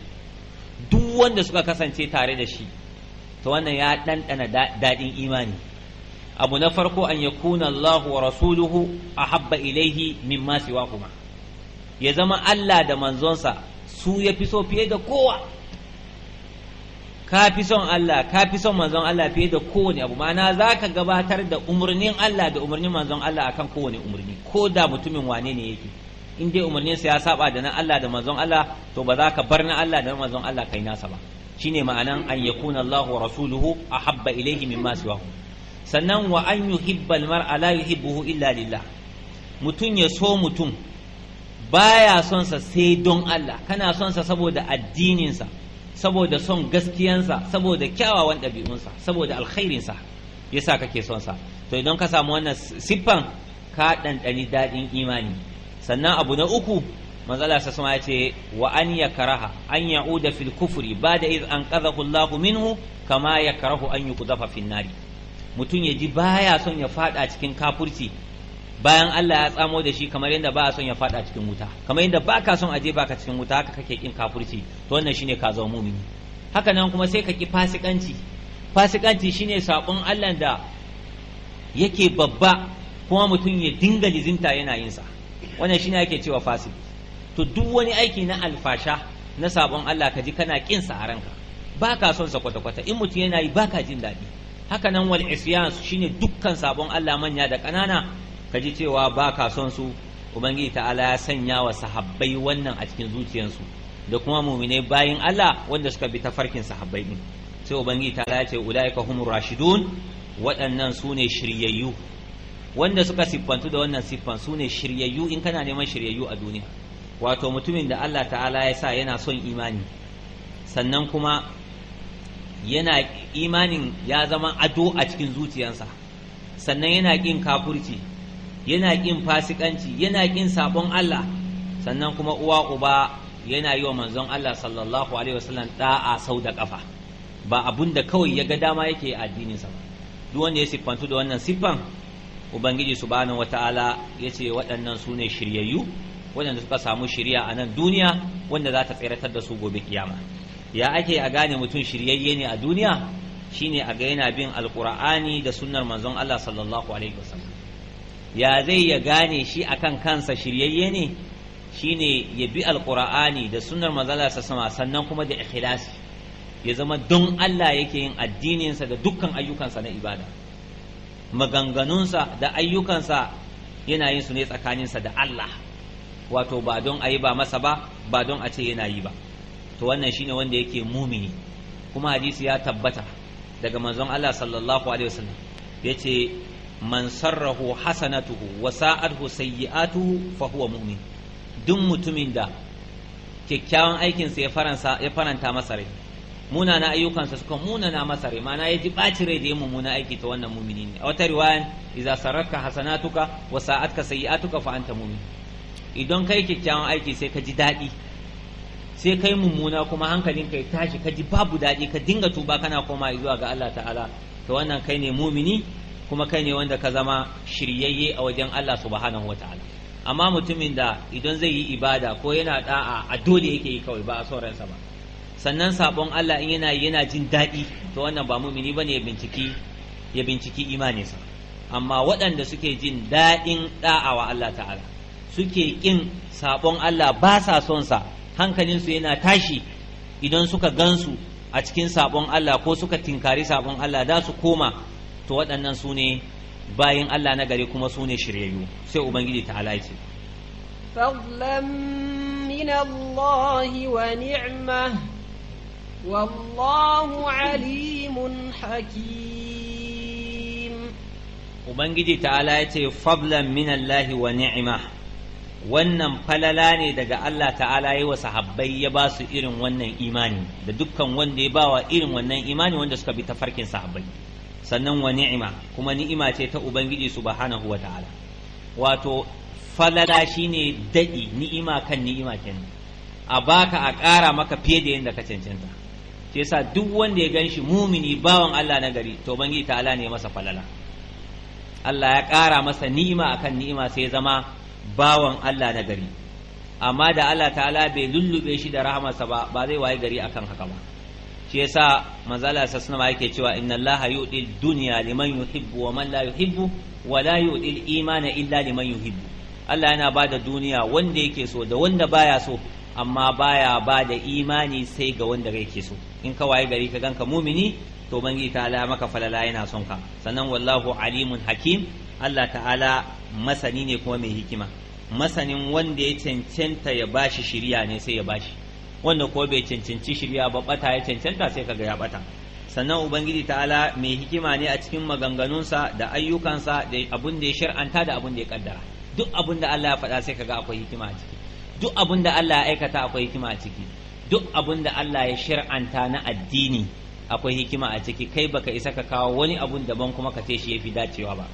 duk wanda suka kasance tare da shi to wannan ya ɗanɗana daɗin imani abu na farko an ya kuna Allah wa rasuluhu a habba ilaihi min masu kuma ya zama Allah da manzonsa su ya fi so fiye da kowa ka fi son Allah ka fi son manzon Allah fiye da kowane abu ma'ana za ka gabatar da umarnin Allah da umarnin manzon Allah akan kowane umarni ko da mutumin wane ne yake in dai umarninsa ya saba da na Allah da manzon Allah to ba za ka bar na Allah da manzon Allah kai nasa ba shine ma'anan an yakuna Allahu wa rasuluhu ahabba ilayhi mimma siwahu sannan wa an yuhibbal mar'a la yuhibbuhu illa lillah mutun ya so mutum baya son sa sai don Allah kana son sa saboda addininsa. sa saboda son gaskiyansa saboda kyawawan ɗabi'unsa saboda alkhairinsa yasa kake son sa to idan ka samu wannan siffan ka ɗanɗani daɗin imani sannan abu na uku manzala sa sama ya ce wa an ya karaha an ya'uda fil kufri ba da iz an qadahu minhu kama ya karahu an yuqdafa fin nari mutum ya ji baya son ya faɗa cikin kafurci bayan Allah ya tsamo da shi kamar yadda ba a son ya fada cikin wuta kamar yadda ba ka son aje baka cikin wuta haka kake kin kafurci to wannan shine ka zama mumini haka nan kuma sai ka ki fasikanci fasikanci shine sabon Allah da yake babba kuma mutum ya dinga lizinta yana yin sa wannan shine ake cewa fasik to duk wani aiki na alfasha na sabon Allah ka ji kana kin sa a ranka ba ka son sa kwata-kwata in mutum yana yi ba ka jin daɗi haka nan wal isyan shine dukkan sabon Allah manya da ƙanana ka ji cewa ba ka son su ubangiji ta'ala ya sanya wa sahabbai wannan a cikin zuciyarsu da kuma muminai bayin Allah wanda suka bi tafarkin sahabbai din sai ubangiji ta'ala ya ce ulaika humur rashidun waɗannan su ne shiryayyu wanda suka siffantu da wannan siffan su ne shiryayyu in kana neman shiryayyu a duniya wato mutumin da Allah ta'ala ya sa yana son imani sannan kuma yana imanin ya zama ado a cikin zuciyarsa sannan yana ƙin kafurci yana ƙin fasikanci yana ƙin sabon Allah sannan kuma uwa uba yana yi wa manzon Allah sallallahu alaihi wasallam da'a sau da kafa ba abun kawai ya ga dama yake addinin sa duk wanda ya siffantu da wannan siffan ubangiji subhanahu wataala ya ce waɗannan su ne shiryayyu waɗanda suka samu shirya a nan duniya wanda za ta tseratar da su gobe kiyama ya ake a gane mutum shiryayye ne a duniya shine a ga yana bin alqur'ani da sunnar manzon Allah sallallahu alaihi wasallam ya zai ya gane shi akan kansa shiryayye ne shine ya bi alqur'ani da sunnar manzala sa sama sannan kuma da ikhlasi ya zama don Allah yake yin addininsa da dukkan ayyukansa na ibada maganganunsa da ayyukansa yana yin su ne tsakaninsa da Allah wato ba don a yi ba masa ba ba don a ce yana yi ba to wannan shine wanda yake mumini kuma hadisi ya tabbata daga manzon Allah sallallahu alaihi wasallam yace man sarrahu hasanatuhu wa sa'atuhu sayyi'atuhu fa huwa mu'min duk mutumin da kyakkyawan aikinsa ya faransa ya faranta masa rai muna na ayyukansa suka muna na masa rai mana ya ji rai da ya mummuna aiki ta wannan mumini ne a wata riwayan idza sarraka hasanatuka wa sa'atka sayyi'atuka fa anta mu'min idan kai kyakkyawan aiki sai ka ji daɗi sai kai mummuna kuma hankalinka ya tashi ka ji babu daɗi ka dinga tuba kana koma zuwa ga Allah ta'ala to wannan kai ne mumini kuma kai ne wanda ka zama shiryayye a wajen Allah subhanahu wataala amma mutumin da idan zai yi ibada ko yana da'a a dole yake yi kawai ba a son ransa ba sannan sabon Allah in yana yana jin daɗi to wannan ba mumini bane ya binciki ya binciki imaninsa amma waɗanda suke jin daɗin da'a wa Allah ta'ala suke kin sabon Allah ba sa son sa hankalinsu yana tashi idan suka gansu a cikin sabon Allah ko suka tinkari sabon Allah da su koma to waɗannan su ne bayan Allah na gari kuma su ne shiryayyu sai ubangiji ta halaye fadlan min Allah wa ni'ma wallahu alimun hakim ubangiji ta'ala ya ce fadlan min Allah wa ni'ma wannan falala ne daga Allah ta'ala yi wa sahabbai ya ba su irin wannan imani da dukkan wanda ya bawa irin wannan imani wanda suka bi ta tafarkin sahabbai sannan wa ni'ima kuma ni'ima ce ta ubangiji subhanahu wataala wato falala shine dadi ni'ima kan ni'ima kenan a baka a ƙara maka fiye da yadda ka cancanta Ke sa duk wanda ya ganshi mumini bawan Allah na gari to ubangiji ta'ala ne masa falala Allah ya ƙara masa ni'ima akan ni'ima sai zama bawan Allah na gari amma da Allah ta'ala bai lullube shi da rahamarsa ba ba zai waye gari akan haka ba shi yasa manzala suna yake cewa inna allaha yudil dunya liman yuhibbu wa man la yuhibbu wa la yu'til imana illa liman yuhibbu Allah yana bada duniya wanda yake so da wanda baya so amma baya bada imani sai ga wanda yake so in ka waye gari ka ganka mumini to bangi ta ta'ala maka falala yana son ka sannan wallahu alimun hakim Allah ta'ala masani ne kuma mai hikima masanin wanda ya cancanta ya bashi shiriya ne sai ya bashi wannan ko bai cancanci shirya ba bata ya cancanta sai kaga ya bata sannan ubangiji ta'ala mai hikima ne a cikin maganganunsa da ayyukansa da abun da ya shar'anta da abun da ya kaddara duk abun da Allah ya faɗa sai kaga akwai hikima a ciki duk abun da Allah ya aikata akwai hikima a ciki duk abun da Allah ya shar'anta na addini akwai hikima a ciki kai baka isa ka kawo wani abun daban kuma ka ce shi ya fi dacewa ba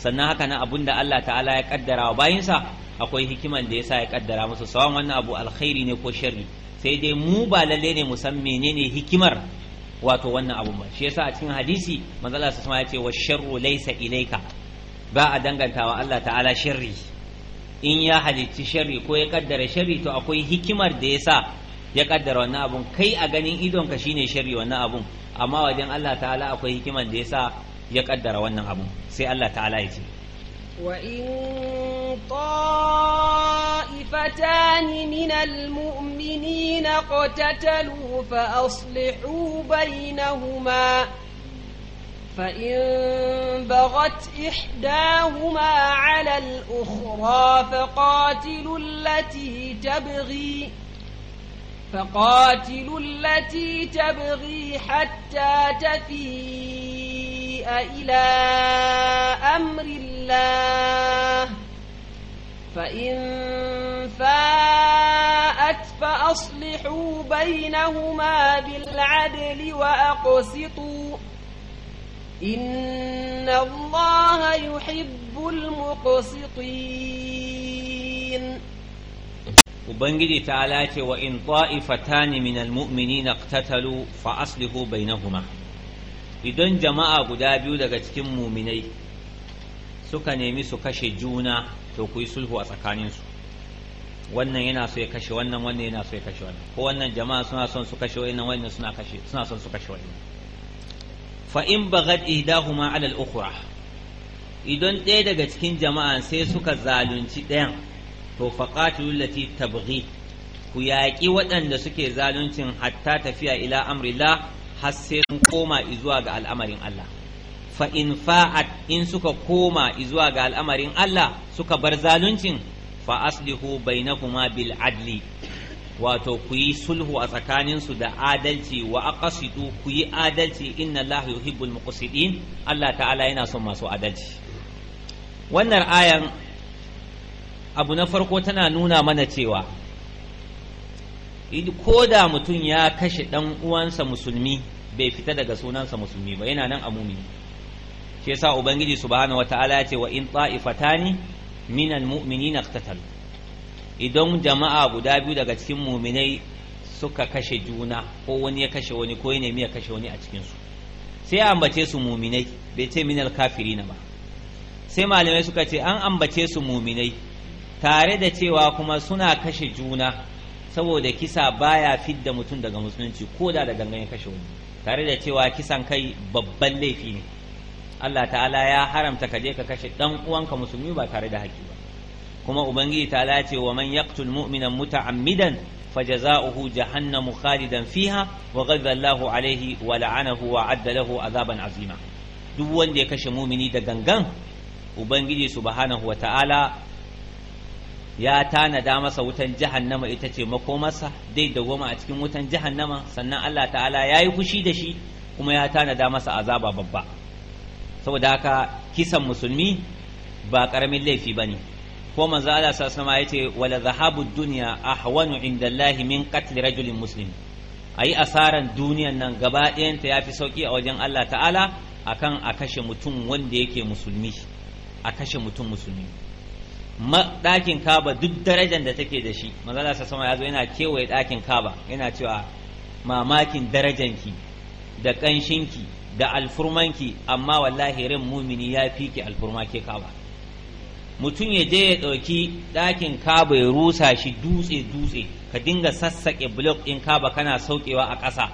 sannan haka na abun da Allah ta'ala ya kaddara wa bayinsa akwai hikiman da ya sa ya kaddara musu sawan wannan abu alkhairi ne ko sharri sai dai mu ba lalle ne mu san menene hikimar wato wannan abun ba shi yasa a cikin hadisi manzo Allah sallallahu alaihi wasallam ya ce washarru laysa ilayka ba a dangantawa Allah ta'ala sharri in ya halicci sharri ko ya kaddara sharri to akwai hikimar da yasa ya kaddara wannan abun kai a ganin idon ka shine sharri wannan abun amma wajen Allah ta'ala akwai hikimar da yasa ya kaddara wannan abun sai Allah ta'ala ya ce wa in طائفتان من المؤمنين اقتتلوا فأصلحوا بينهما فإن بغت إحداهما على الأخرى فقاتلوا التي تبغي فقاتلوا التي تبغي حتى تفيء إلى أمر الله فإن فاءت فأصلحوا بينهما بالعدل وأقسطوا إن الله يحب المقسطين Ubangiji ta lace wa in ta'ifatani min almu'minina iqtatalu fa aslihu bainahuma idan jama'a guda biyu daga cikin muminai suka nemi su kashe juna to ku yi sulhu a tsakaninsu wannan yana so ya kashe wannan wannan yana so ya kashe wannan ko wannan jama'a suna son su kashe wannan wannan suna kashe suna son su kashe wannan fa in baghat ihdahuma ala al-ukhra idan ɗaya daga cikin jama'a sai suka zalunci ɗayan to faqatilu allati tabghi ku yaƙi waɗanda suke zaluncin hatta tafiya ila amrillah har sai sun koma zuwa ga al'amarin Allah fa in fa'at in suka koma zuwa ga al'amarin Allah suka bar zaluncin fa aslihu bainakuma bil adli wato ku yi sulhu a tsakaninsu da adalci wa aqsitu ku yi adalci inna Allah yuhibbul muqsitin Allah ta'ala yana son masu adalci wannan ayan abu na farko tana nuna mana cewa ko da mutum ya kashe ɗan uwansa musulmi bai fita daga sunansa musulmi ba yana nan a mumini shi yasa ubangiji subhanahu wataala ya ce wa in ta'ifatani minal mu'minina iqtatalu idan jama'a guda biyu daga cikin mu'minai suka kashe juna ko wani ya kashe wani ko ya nemi ya kashe wani a cikin su sai ya ambace su mu'minai bai ce minal kafirina ba sai malamai suka ce an ambace su mu'minai tare da cewa kuma suna kashe juna saboda kisa baya fidda mutum daga musulunci ko da da kashe wani tare da cewa kisan kai babban laifi ne Allah ta'ala ya haramta ka je ka kashe dan uwanka musulmi ba tare da haƙƙi ba kuma ubangiji ta'ala ce wa man yaqtul mu'mina muta'ammidan fajaza'uhu jahannamu khalidan fiha wa ghadha Allahu alayhi wa la'anahu wa 'adda lahu 'azima duk wanda ya kashe mumini da gangan ubangiji subhanahu wa ta'ala ya tanada masa wutan jahannama ita ce makomarsa dai da goma a cikin wutan jahannama sannan Allah ta'ala ya yi fushi da shi kuma ya tanada masa azaba babba saboda haka kisan musulmi ba karamin laifi ba ne ko manzo Allah sallallahu alaihi yace wala zahabu dunya ahwanu inda Allah min qatl rajulin muslim ayi asaran duniyan nan gaba ɗayan ta yafi sauki a wajen Allah ta'ala akan a kashe mutum wanda yake musulmi a kashe mutum musulmi ɗakin kaba duk darajar da take da shi Allah sa sama ya zo yana kewaye ɗakin kaba yana cewa mamakin darajanki da ƙanshinki da alfurmanki amma wallahi ran mumini ya fi ki alfurma ke kaba mutum ya je ya ɗauki ɗakin kaba ya rusa shi dutse dutse ka dinga sassaƙe blok ɗin kaba kana saukewa a ƙasa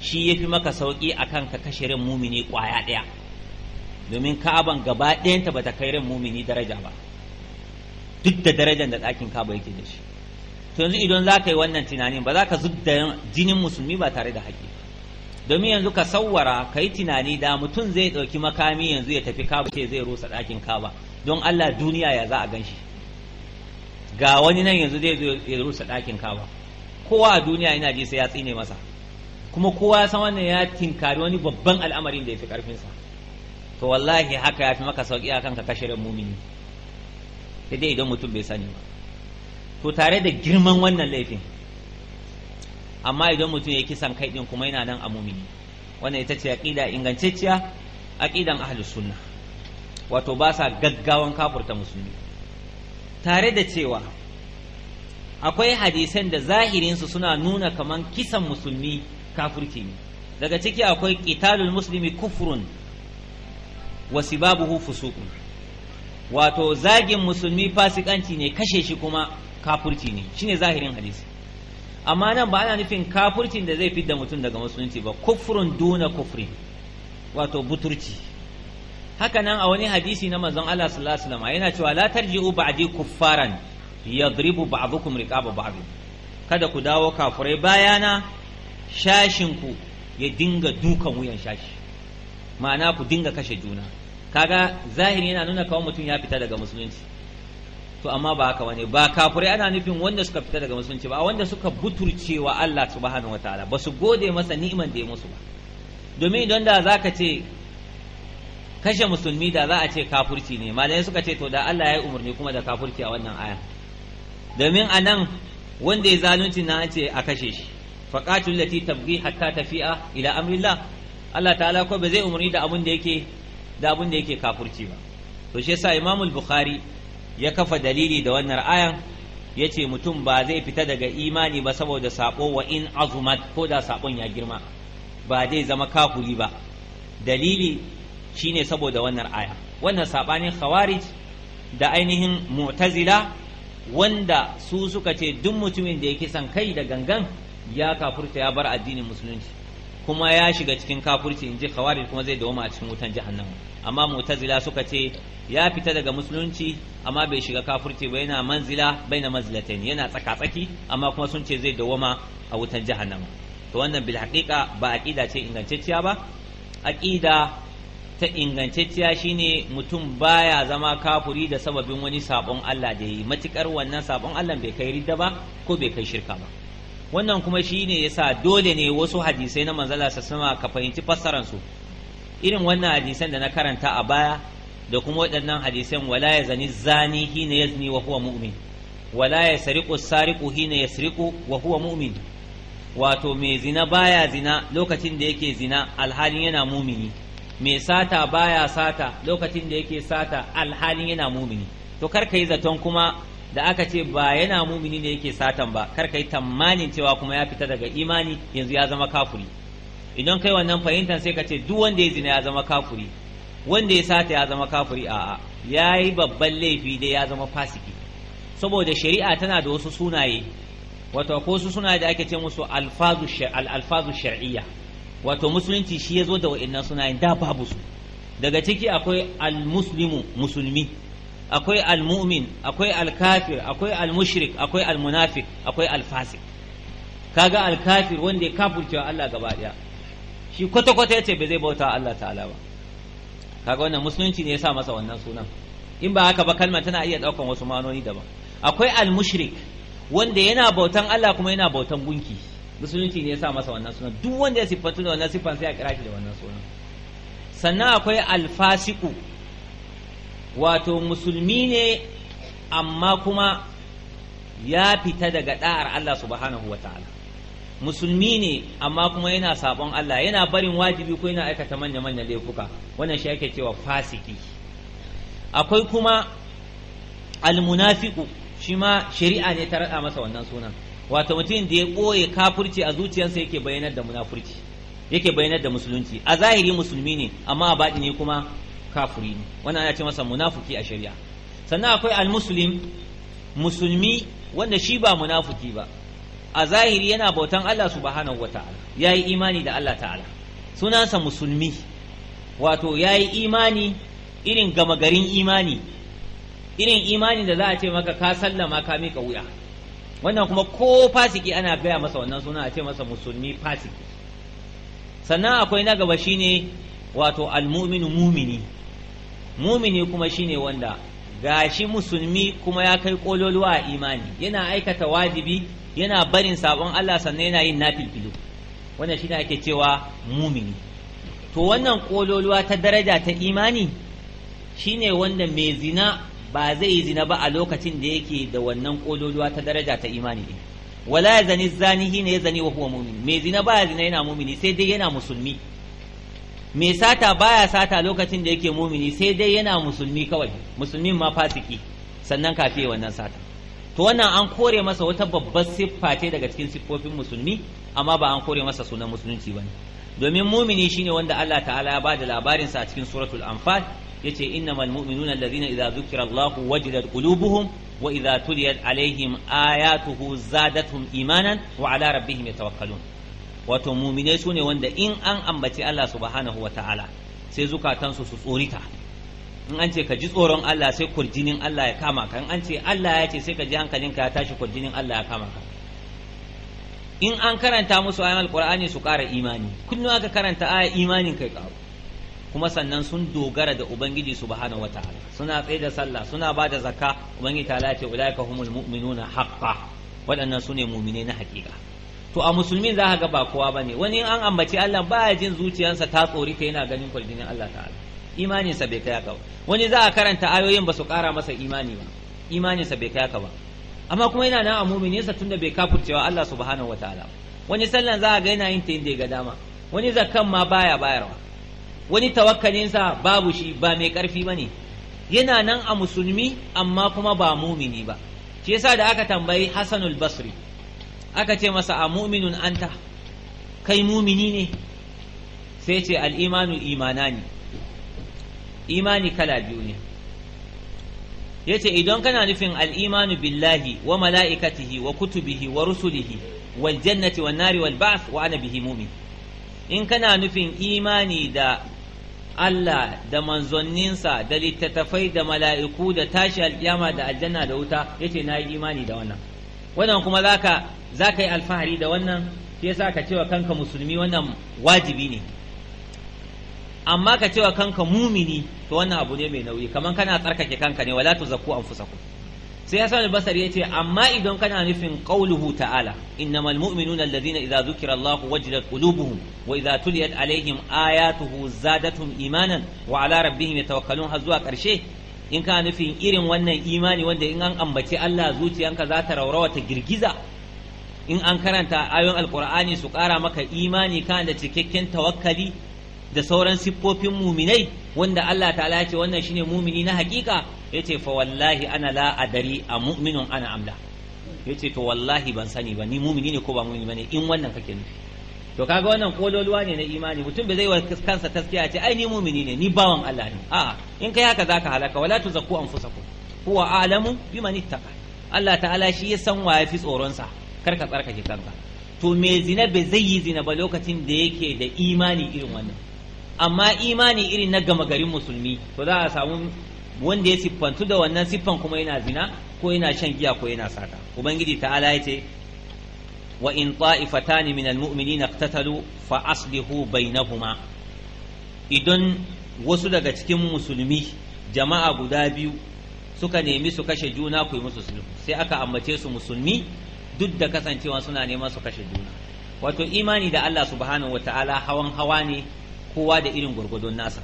shi ya fi maka sauƙi a kan ka kashe ran mumini ƙwaya ɗaya domin kaban gaba ɗayanta ba ta kai ran mumini daraja ba duk da darajar da ɗakin kaba yake da shi to yanzu idan za ka yi wannan tunanin ba za ka zub jinin musulmi ba tare da haƙƙi domin yanzu ka sawwara ka yi tunani da mutum zai ɗauki makami yanzu ya tafi kaba ce zai rusa ɗakin kaba don Allah duniya ya za a gan shi ga wani nan yanzu zai ya rusa ɗakin kaba kowa a duniya yana ji sai ya tsine masa kuma kowa ya san wannan ya tinkari wani babban al'amarin da ya fi ƙarfinsa to wallahi haka ya fi maka sauƙi a kanka kashirin mumini sai dai idan mutum bai sani ba to tare da girman wannan laifin amma idan mutum ya kisan kai din kuma yana nan a mumini wannan ita ce aqida ingantacciya aqidan ahlus sunna wato ba sa gaggawan kafurta musulmi tare da cewa akwai hadisan da zahirinsu suna nuna kaman kisan musulmi kafurci ne daga ciki akwai qitalul muslimi kufrun wa sibabuhu fusuqun wato zagin musulmi fasikanci ne kashe shi kuma kafurci ne shine zahirin hadisi amma nan ba ana nufin kafurcin da zai fidda mutum daga musulunci ba kufrun duna kufri wato buturci haka nan a wani hadisi na manzon Allah sallallahu alaihi wasallam yana cewa la tarji'u ba'di kuffaran yadribu ba'dukum riqaba ba'd kada ku dawo kafurai bayana shashin ku ya dinga dukan wuyan shashi ma'ana ku dinga kashe juna kaga zahiri yana nuna kawai mutum ya fita daga musulunci to amma ba haka bane ba kafirai ana nufin wanda suka fita daga musulunci ba wanda suka buturce wa Allah subhanahu wataala ba su gode masa ni'iman da ya musu ba domin idan da za ka ce kashe musulmi da za a ce kafurci ne malamai suka ce to da Allah ya yi umarni kuma da kafurci a wannan aya domin a nan wanda ya zalunci na ce a kashe shi faqatul lati tabghi hatta tafi'a ila amrillah Allah ta'ala ko ba zai umarni da abun da yake da kafurci ba to shi yasa imamul al-Bukhari ya kafa dalili da wannan ayan ya ce mutum ba zai fita daga imani ba saboda saƙo wa in azumat ko da saɓon ya girma ba zai zama kafuri ba dalili shine saboda wannan aya wannan saɓanin khawarij da ainihin mu'tazila wanda su suka ce duk mutumin da yake son kai da gangan ya kafurta ya bar addinin musulunci kuma ya shiga cikin kafurci ji khawarij kuma zai dawoma a cikin wutan jahannama amma mu'tazila suka ce ya fita daga musulunci amma bai shiga kafurci ba yana manzila baina manzilatain yana tsaka tsaki amma kuma sun ce zai dawama a wutan jahannama to wannan bil haqiqa ba aqida ce ingantacciya ba aƙida ta ingantacciya shine mutum baya zama kafuri da sababin wani sabon Allah da yi matukar wannan sabon Allah bai kai ridda ba ko bai kai shirka ba wannan kuma shine yasa dole ne wasu hadisai na manzala sa sama ka fahimci fassarar su irin wannan hadisan da na karanta a baya da kuma waɗannan hadisan wala ya zani zani hina zani wa huwa mu'min wala ya sariqu sariqu hina sariku wa huwa mu'min wato mai zina baya zina lokacin da yake zina alhalin yana mumini mai sata baya sata lokacin da yake sata alhalin yana mumini to kar ka yi zaton kuma da aka ce ba yana mumini ne yake satan ba kar ka yi tamanin cewa kuma ya fita daga imani yanzu ya zama kafuri idan kai wannan fahimtar sai ka ce duk wanda ya zina ya zama kafuri wanda ya sata ya zama kafuri a'a yi babban laifi dai ya zama fasiki saboda shari'a tana da wasu sunaye wato ko su suna da ake ce musu alfazu shar'iyya wato musulunci shi ya zo da wa'annan sunayen da babu su daga ciki akwai almuslimu musulmi akwai almumin akwai alkafir akwai almushrik akwai almunafik akwai alfasik kaga alkafir wanda ya kafurcewa Allah gaba daya shi kwata-kwata ya ce ba zai bauta Allah ta'ala ba kaga wannan musulunci ne ya sa masa wannan sunan in ba haka ba kalma tana iya ɗaukan wasu manoni daban akwai al-mushrik wanda yana bautan Allah kuma yana bautan gunki musulunci ne ya sa masa wannan sunan duk wanda ya siffantu da wannan siffan sai a kira shi da wannan sunan sannan akwai al-fasiku wato musulmi ne amma kuma ya fita daga da'ar Allah subhanahu wa ta'ala musulmi ne amma kuma yana sabon Allah yana barin wajibi ko yana aikata manya manyan laifuka wannan shi ake cewa fasiki akwai kuma almunafiku shi ma shari'a ne ta raɗa masa wannan sunan wato mutum da ya ɓoye kafurci a zuciyarsa yake bayanar da munafurci yake da musulunci a zahiri musulmi ne amma a baɗi ne kuma kafuri ne wannan ana ce masa munafuki a shari'a sannan akwai almuslim musulmi wanda shi ba munafuki ba a zahiri yana bautan Allah subhanahu ya yi imani da Allah ta'ala sunansa musulmi wato ya yi imani irin gama garin imani irin imani da za a ce maka ka sallama ka miƙa wuya wannan kuma ko fasiki ana gaya masa wannan suna a ce masa musulmi fasiki sannan akwai na gaba shine wato almuminu mumini mumini kuma shine wanda gashi musulmi kuma ya kai kololuwa a imani yana aikata wajibi yana barin sabon Allah sannan yana yin nafilfilo wannan ne ake cewa mumini to wannan kololuwa ta daraja ta imani shine wanda mai zina ba zai yi zina ba a lokacin da yake da wannan kololuwa ta daraja ta imani din wala ya zani zani shi ne ya zani wa huwa mumini mai zina ya zina yana mumini sai dai yana musulmi mai sata ba ya sata lokacin da yake mumini sai dai yana musulmi kawai musulmin ma fasiki sannan kafiye wannan sata to wannan an kore masa wata babbar siffa ce daga cikin siffofin musulmi amma ba an kore masa sunan musulunci bane domin mumini shine wanda Allah ta'ala ya bada labarin sa a cikin suratul anfal yace innamal mu'minuna allazina idza dhukira Allah wajadat qulubuhum wa idza tuliyat alaihim ayatuhu zadatuhum imanan wa ala rabbihim yatawakkalun wato muminai sune wanda in an ambaci Allah subhanahu wa ta'ala sai zukatansu su tsorita in an ce ka ji tsoron Allah sai kurjinin Allah ya kama ka in an ce Allah ya ce sai ka ji hankalinka ya tashi kurjinin Allah ya kama ka in an karanta musu ayan alqur'ani su ƙara imani kullum aka karanta aya imanin kai ƙaru kuma sannan sun dogara da ubangiji subhanahu wataala suna tsaye da sallah suna ba da zakka ubangiji ta ce ulaika humul mu'minuna haqqan waɗannan ne mu'mine na haƙiƙa to a musulmin za ka ga ba kowa bane wani in an ambaci Allah baya jin zuciyarsa ta tsorita yana ganin kwarjinin Allah ta'ala imaninsa bai kai haka ba wani za a karanta ayoyin ba su ƙara masa imani ba imaninsa bai kai haka ba amma kuma yana nan a mumininsa tunda bai kafurcewa Allah subhanahu wataala wani sallan za a ga yana yin ta da ga dama wani zakan ma baya bayarwa wani tawakkalin sa babu shi ba mai karfi ba yana nan a musulmi amma kuma ba mumini ba shi yasa da aka tambayi Hassanul Basri aka ce masa a mu'minun anta kai mumini ne sai ce al'imanu imanani imani kala biyu ne yace idan kana nufin al billahi wa mala'ikatihi wa kutubihi wa rusulihi wal jannati wan nari wal wa ana bihi mumi. in kana nufin imani da Allah da manzanninsa da littattafai da mala'iku da tashi alƙiyama da aljanna da wuta yace na yi imani da wannan wannan kuma zaka ka yi alfahari da wannan shi yasa ka cewa kanka musulmi wannan wajibi ne amma ka cewa kanka mumini to wannan abu ne mai nauyi kaman kana tsarkake kanka ne wala tuzakku anfusakum sai Hassan al-Basri yace amma idan kana nufin qauluhu ta'ala innamal mu'minuna alladhina idza dhukira Allahu wajilat qulubuhum wa idza tuliyat alaihim ayatuhu zadatuhum imanan wa ala rabbihim yatawakkalun har zuwa karshe in kana nufin irin wannan imani wanda in an ambaci Allah zuciyanka za ta raurawa ta girgiza in an karanta ayoyin alqur'ani su kara maka imani kana da cikakken tawakkali da sauran siffofin muminai wanda Allah ta'ala ya ce wannan shine mumini na hakika yace fa wallahi ana la adari a mu'minun ana amla yace to wallahi ban sani ba ni mumini ne ko ba mumini bane in wannan kake nufi to kaga wannan kololuwa ne na imani mutum bai zai wa kansa taskiya ce ai ni mumini ne ni bawan Allah ne a'a in kai haka zaka halaka wala tuzakku anfusakum huwa a'lamu biman ittaqa Allah ta'ala shi ya san waye fi tsoron sa kar ka tsarkake kanka to me zina bai zai yi zina ba lokacin da yake da imani irin wannan amma imani irin na gama garin musulmi to za a samu wanda ya siffantu da wannan siffan kuma yana zina ko yana shan giya ko yana sata ubangiji ta'ala ya ce wa in ta'ifatan min almu'minina iqtatalu fa aslihu bainahuma idan wasu daga cikin musulmi jama'a guda biyu suka nemi su kashe juna ku yi musu sulhu sai aka ambace su musulmi duk da kasancewa suna neman su kashe juna wato imani da Allah subhanahu wataala hawan hawa ne kowa da irin gwargwadon nasa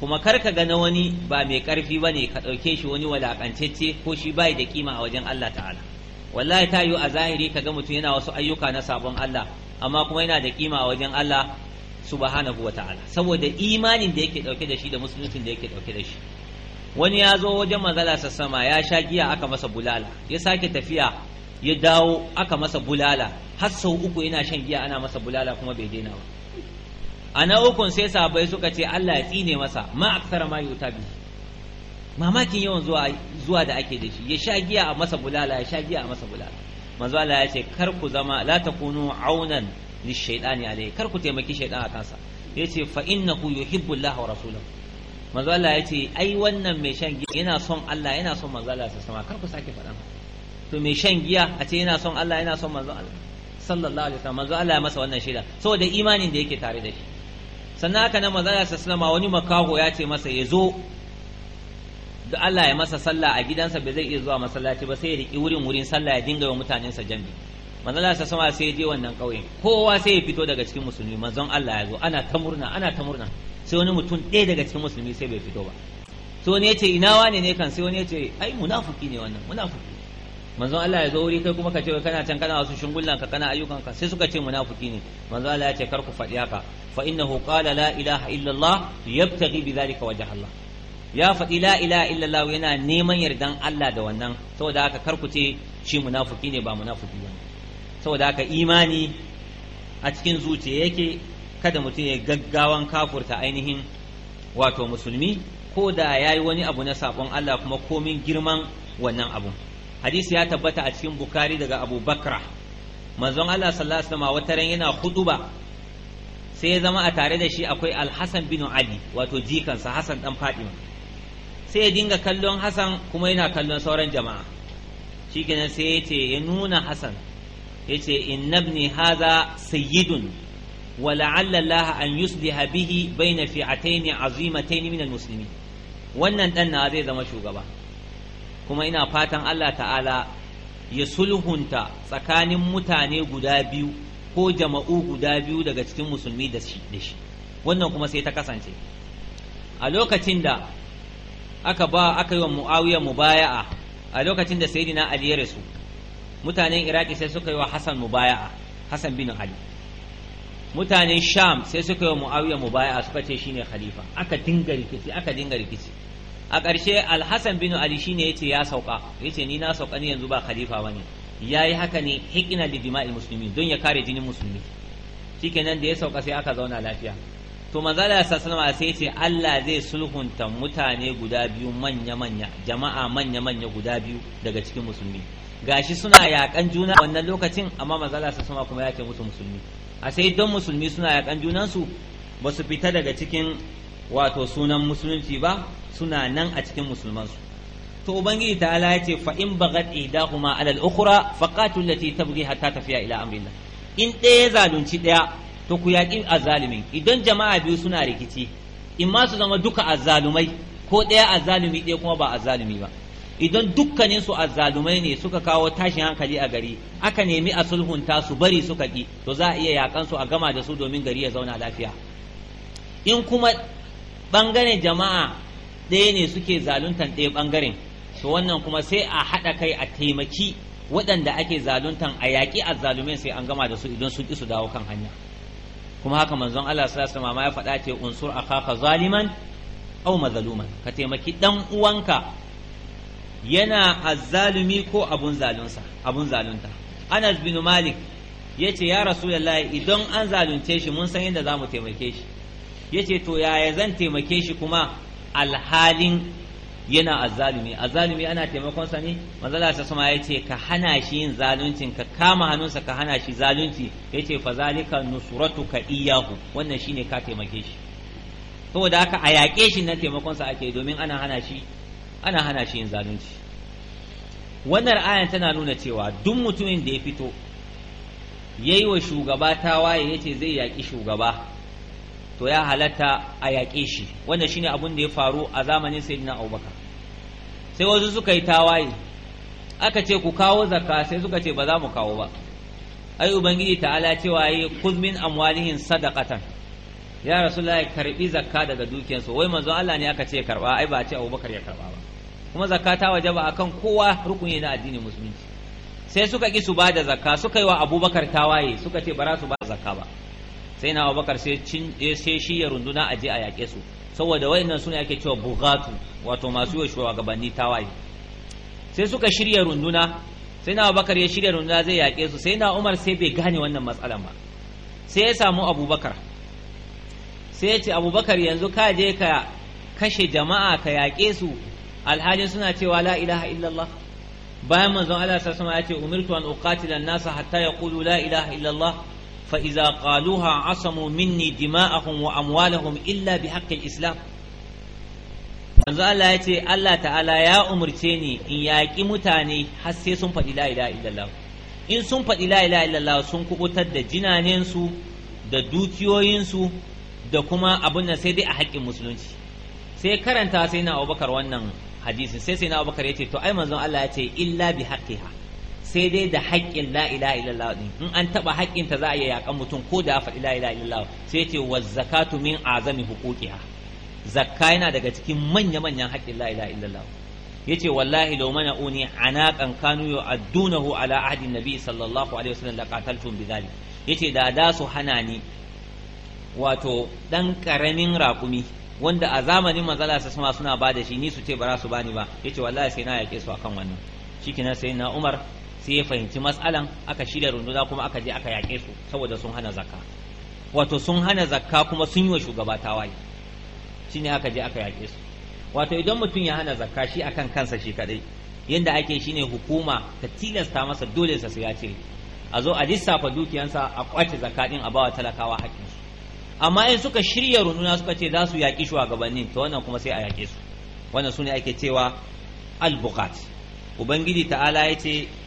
kuma kar ka ga na wani ba mai karfi ba ne ka ɗauke shi wani walakantacce ko shi bai da kima a wajen Allah ta'ala wallahi ta yiwu a zahiri ka ga mutum yana wasu ayyuka na sabon Allah amma kuma yana da kima a wajen Allah subhanahu wata'ala saboda imanin da yake ɗauke da shi da musuluncin da yake ɗauke da shi wani ya zo wajen sa sama ya sha giya aka masa bulala ya sake tafiya ya dawo aka masa bulala har sau uku yana shan giya ana masa bulala kuma bai daina ba a na ukun sai sahabbai suka ce Allah ya tsine masa ma aksara ma yuta bi mamakin yawan zuwa zuwa da ake da shi ya sha giya a masa bulala ya sha giya a masa bulala manzo Allah ya ce kar ku zama la takunu aunan lishaytani alayhi kar ku taimaki shaytan a kansa yace fa innahu yuhibbu Allah wa rasulahu manzo Allah ya ce ai wannan mai shan giya yana son Allah yana son manzo Allah sama kar ku sake faɗa to mai shan giya a ce yana son Allah yana son manzo Allah sallallahu alaihi wasallam manzo Allah ya masa wannan shaida saboda imanin da yake tare da shi sannan haka na manzala sallama wani makaho ya ce masa ya zo da Allah ya masa sallah a gidansa bai zai iya zuwa masallaci ba sai ya riki wurin wurin sallah ya dinga wa mutanen sa jambi manzala sallama sai ya je wannan ƙauyen kowa sai ya fito daga cikin musulmi manzon Allah ya zo ana ta murna ana ta murna sai wani mutum ɗaya daga cikin musulmi sai bai fito ba sai wani ya ce ina wane ne kan sai wani ya ce ai munafiki ne wannan munafiki manzon Allah ya zo wuri kai kuma ka ce kana can kana wasu shungullan ka kana ayyukan ka sai suka ce munafiki ne manzon Allah ya ce kar ku faɗi haka fa innahu qala la ilaha illallah yabtaghi bidhalika wajh Allah ya faɗi la ilaha illallah yana neman yardan Allah da wannan saboda haka kar ku ce shi munafiki ne ba munafiki ba saboda haka imani a cikin zuciya yake kada mutum ya gaggawan kafurta ainihin wato musulmi ko da ya yi wani abu na sabon Allah kuma komin girman wannan abun hadisi ya tabbata a cikin bukari daga abu bakra manzon allah sallallahu alaihi wasallam wata ran yana khutuba sai ya zama a tare da shi akwai alhassan bin ali wato jikansa hassan dan fadima sai ya dinga kallon hassan kuma yana kallon sauran jama'a shikenan sai ya ce ya nuna hassan ya ce ibni haza sayyidun wa la'alla Allah an yusliha bihi baina fi'atayn azimatayn min al-muslimin wannan dan na zai zama shugaba kuma ina fatan Allah ta'ala ya sulhunta tsakanin mutane guda biyu ko jama'u guda biyu daga cikin musulmi da shi wannan kuma sai ta kasance a lokacin da aka ba aka yi wa muawiya mubaya'a a lokacin da sayyidina ali ya rasu mutanen iraki sai suka yi wa hasan mubaya'a hasan bin ali mutanen sham sai suka yi wa muawiya mubaya'a suka ce shine khalifa aka dinga rikici aka dinga rikici a ƙarshe alhassan bin ali shine yace ya sauka yace ni na sauka ni yanzu ba khalifa bane yayi haka ne hikina da dima'il musulmi don ya kare jinin musulmi shikenan da ya sauka sai aka zauna lafiya to manzala sallallahu alaihi sai yace Allah zai sulhunta mutane guda biyu manya manya jama'a manya manya guda biyu daga cikin musulmi gashi suna yakan juna wannan lokacin amma manzala sallallahu kuma ya ce musu musulmi a sai don musulmi suna yakan junansu ba su fita daga cikin wato sunan musulunci ba suna nan a cikin musulmansu to ubangiji ta'ala ya ce fa in bagat idahuma alal ukhra faqatul lati tabghi hatta tafiya ila amrillah in ɗaya zalunci ɗaya to ku yaƙi azzalumin idan jama'a biyu suna rikici in ma su zama duka azzalumai ko ɗaya azzalumi ɗaya kuma ba azzalumi ba idan dukkanin su azzalumai ne suka kawo tashin hankali a gari aka nemi a sulhunta su bari suka ki to za a iya yakan su a gama da su domin gari ya zauna lafiya in kuma bangaren jama'a ɗaya ne suke zaluntan ɗaya bangaren to wannan kuma sai a haɗa kai a taimaki waɗanda ake zaluntan a yaƙi azzalumin sai an gama da su idan sun ƙi su dawo kan hanya kuma haka manzon Allah sallallahu alaihi wasallam ya faɗa ce unsur akaka zaliman aw mazluman ka taimaki dan uwanka yana azzalumi ko abun zalunsa abun zalunta Anas bin Malik yace ya Rasulullahi idan an zalunce shi mun san yadda zamu taimake shi yace to yaya zan taimake shi kuma alhalin yana azalimi azalimi ana taimakon sa ne manzala ta sama yace ka hana shi yin zaluncin ka kama hannunsa ka hana shi zalunci yace fa zalika ka iyahu wannan shine ka taimake shi saboda haka a yaƙe shi na taimakon sa ake domin ana hana shi ana hana shi yin zalunci wannan ayan tana nuna cewa duk mutumin da ya fito yayi wa shugaba tawaye yace zai yaƙi shugaba to ya halatta a yaƙe shi wanda shine abun da ya faru a zamanin sayyidina abubakar sai wasu suka yi tawaye aka ce ku kawo zakka sai suka ce ba za mu kawo ba ai ubangiji ta'ala cewa yi kuz min amwalihin sadaqatan ya rasulullahi karbi zakka daga dukiyarsu wai manzo Allah ne aka ce karba ai ba a ce abubakar ya karba ba kuma zakka ta wajaba akan kowa rukuni na addini musulunci sai suka ki su bada zakka suka yi wa abubakar tawaye suka ce ba za su ba zakka ba sai na abubakar sai eh, shi ya runduna aje a yaƙe su saboda wayannan suna ake cewa bugatu wato masu yi shugabanni tawaye sai suka shirya runduna sai na abubakar ya shirya runduna zai yaƙe su sai na umar sai bai gane wannan matsalan ba sai ya samu abubakar sai ya ce abubakar yanzu ka je ka kashe jama'a ka yaƙe su alhalin suna cewa la ilaha illallah bayan manzon Allah sallallahu alaihi wasallam ya ce umirtu an uqatila an-nasa hatta yaqulu la ilaha illallah فإذا قالوها عصموا مني دماءهم وأموالهم إلا بحق الإسلام yanzu Allah ya Allah ta'ala ya umarce ni in yaƙi mutane har sai sun faɗi la ilaha illallah in sun faɗi la ilaha illallah sun kubutar da jinanensu da dukiyoyinsu da kuma abin nan sai a haƙƙin musulunci sai karanta sai na Abubakar wannan hadisin sai sai na Abubakar ya ce to ai manzon Allah ya illa bi haqqiha sai dai da haƙƙin la ilaha illallah in an taɓa haƙƙin za a iya yaƙan mutum ko da faɗi la ilaha sai ce wa zakatu min azami huquqiha zakka yana daga cikin manya manyan haƙƙin la ilaha illallah yace wallahi law mana uni anaqan kanu yu'addunahu ala ahdi nabi sallallahu alaihi wasallam laqataltum bidhalik yace da da su hana ni wato ɗan ƙaramin raƙumi wanda a zamanin manzala sa suna ba da shi ni su ce ba za su bani ba yace wallahi sai na yake su akan wannan shikenan sai na Umar sai ya fahimci matsalan aka shirya runduna kuma aka je aka yaƙe su saboda sun hana zakka wato sun hana zakka kuma sun yi wa shugaba tawaye shine aka je aka yaƙe su wato idan mutum ya hana zakka shi akan kansa shi kadai yanda ake shi ne hukuma ta tilasta masa dole sa ya ce a zo a lissafa dukiyansa a kwace zakka din a bawa talakawa hakkin su amma in suka shirya runduna suka ce za su yaƙi shugabannin to wannan kuma sai a yaƙe su wannan sune ake cewa al-buqat ubangiji ta'ala yace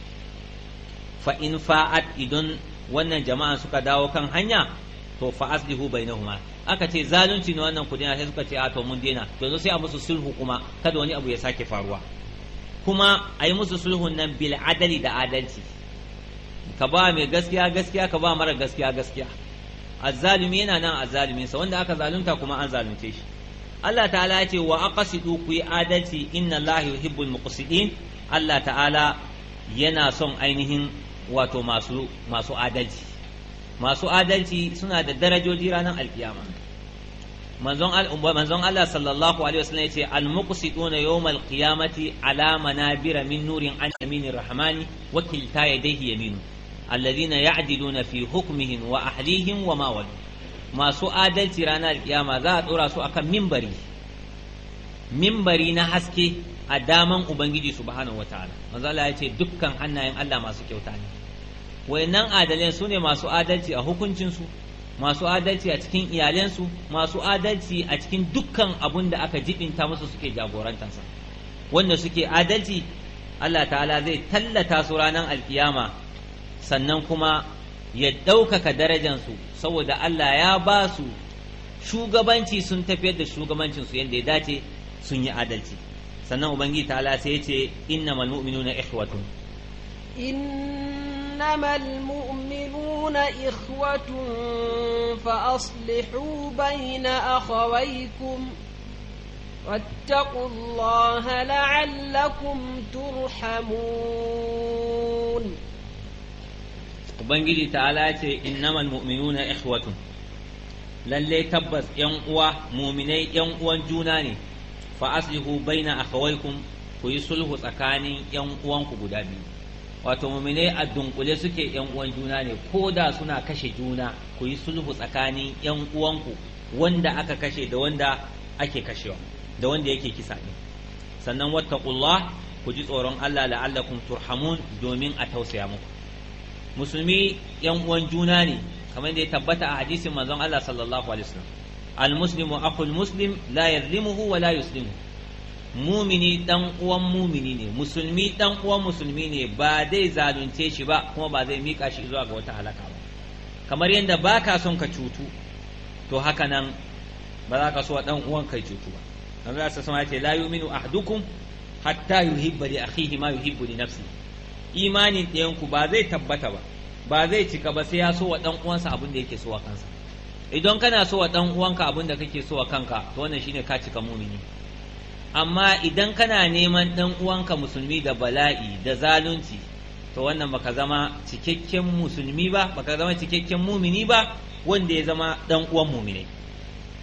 fa in fa'at idan wannan jama'a suka dawo kan hanya to fa aslihu bainahuma aka ce zalunci ne wannan kudina sai suka ce a to mun daina to sai a musu sulhu kuma kada wani abu ya sake faruwa kuma a yi musu sulhun nan bil adali da adalci ka ba mai gaskiya gaskiya ka ba mara gaskiya gaskiya azzalumi yana nan azzaluminsa wanda aka zalunta kuma an zalunce shi Allah ta'ala ya ce wa aqsidu ku yi adalci inna Allah yuhibbul muqsidin Allah ta'ala yana son ainihin wato masu adalci masu adalci suna da darajoji ranar alkiyama manzon Allah sallallahu alaihi wasallam yace al-muqsituna yawmal qiyamati ala manabira min nurin an yaminir rahmani wa kilta yadayhi yaminu alladhina ya'diluna fi hukmihim wa ahlihim wa ma wal masu adalci ranar alkiyama za a dora su akan mimbari mimbari na haske a daman ubangiji subhanahu wataala manzo Allah ya ce dukkan hannayen Allah masu kyauta ne wayannan adalai su ne masu adalci a hukuncinsu masu adalci a cikin iyalensu masu adalci a cikin dukkan abun da aka jibinta musu suke jagorantansa wanda suke adalci Allah ta'ala zai tallata su ranar alkiyama sannan kuma ya ɗaukaka darajansu saboda Allah ya ba su shugabanci sun tafiyar da shugabancinsu yadda ya dace sun yi adalci sannan ubangiji ta'ala sai ya ce innamal mu'minuna ikhwatun innamal mu'minuna ikhwatun fa aslihu bayna akhawaykum واتقوا الله لعلكم ترحمون Ubangiji ta'ala ce innamal mu'minuna ikhwatun Lallai tabbas yan uwa muminai yan uwan juna ne fa aslihu baina akhawaykum ku yi sulhu tsakanin yan uwanku guda biyu wato mumine a dunkule suke yan uwan juna ne ko da suna kashe juna ku yi sulhu tsakanin yan uwanku wanda aka kashe da wanda ake kashewa da wanda yake kisa ne sannan wattaqullah ku ji tsoron Allah la'allakum turhamun domin a tausaya muku musulmi yan uwan juna ne kamar da ya tabbata a hadisin manzon Allah sallallahu alaihi wasallam almuslimu akhul muslim la yazlimuhu wa la yuslimu mumini dan uwan mumini ne musulmi dan uwan musulmi ne ba zai zalunce shi ba kuma ba zai mika shi zuwa ga wata halaka ba kamar yadda baka son ka cutu to haka nan ba za ka so dan uwan kai cutu ba Allah sa ya ce la yu'minu ahdukum hatta yuhibba li akhihi ma yuhibbu li imanin ɗayan ku ba zai tabbata ba ba zai cika ba sai ya so wa dan uwansa abin da yake so a kansa idan kana so wa dan uwanka abin da kake so wa kanka to wannan shine ka cika mumini amma idan kana neman dan uwanka musulmi da bala'i da zalunci to wannan baka zama cikakken musulmi ba baka zama cikakken mumini ba wanda ya zama dan uwan mumini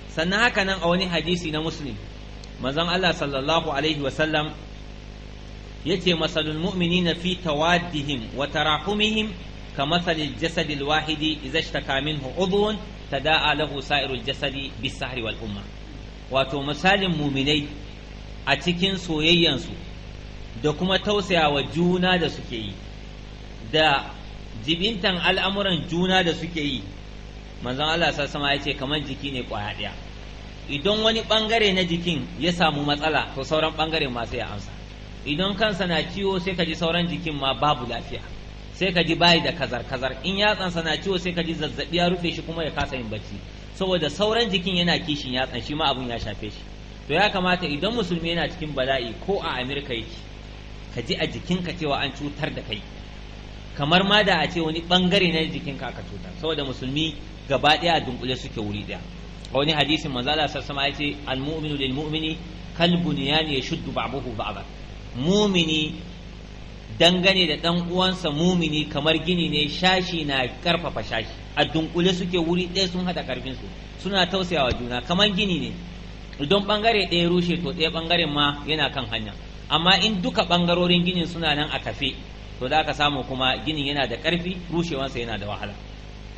sannan haka nan a wani hadisi na muslim manzon Allah sallallahu alaihi wasallam yace masalul mu'minina fi tawaddihim wa tarahumihim kamathalil jasadil wahidi idza ishtaka minhu udhun tada'a lahu sa'irul jasadi bis wal umma wato misalin muminai a cikin soyayyansu da kuma tausayawa juna da suke yi da jibintan al'amuran juna da suke yi manzon Allah sassama ya ce kamar jiki ne kwaya ɗaya idan wani ɓangare na jikin ya samu matsala to sauran ma masu ya amsa idan kansa na ciwo sai ka ji sauran jikin ma babu lafiya sai ka ji bayi da kazar kazar in yatsansa na ciwo sai ka ji zazzabi ya rufe shi kuma ya kasa yin bacci saboda sauran jikin yana kishin yatsan shi ma abun ya shafe shi to ya kamata idan musulmi yana cikin bala'i ko a Amurka yake ka ji a jikinka cewa an cutar da kai kamar ma da a ce wani bangare na jikinka aka cutar saboda musulmi gaba daya a dunkule suke wuri daya a wani hadisin Manzala sassama ya ce al-mu'minu lil mu'mini kal bunyan yashuddu ba'dahu ba'dahu mu'mini dangane da ɗan uwansa mumini kamar gini ne shashi na karfafa shashi a dunkule suke wuri ɗaya sun haɗa karfin su suna tausayawa juna kamar gini ne idan bangare ɗaya rushe to ɗaya bangaren ma yana kan hanya amma in duka bangarorin ginin suna nan a kafe to za ka samu kuma ginin yana da ƙarfi rushewansa yana da wahala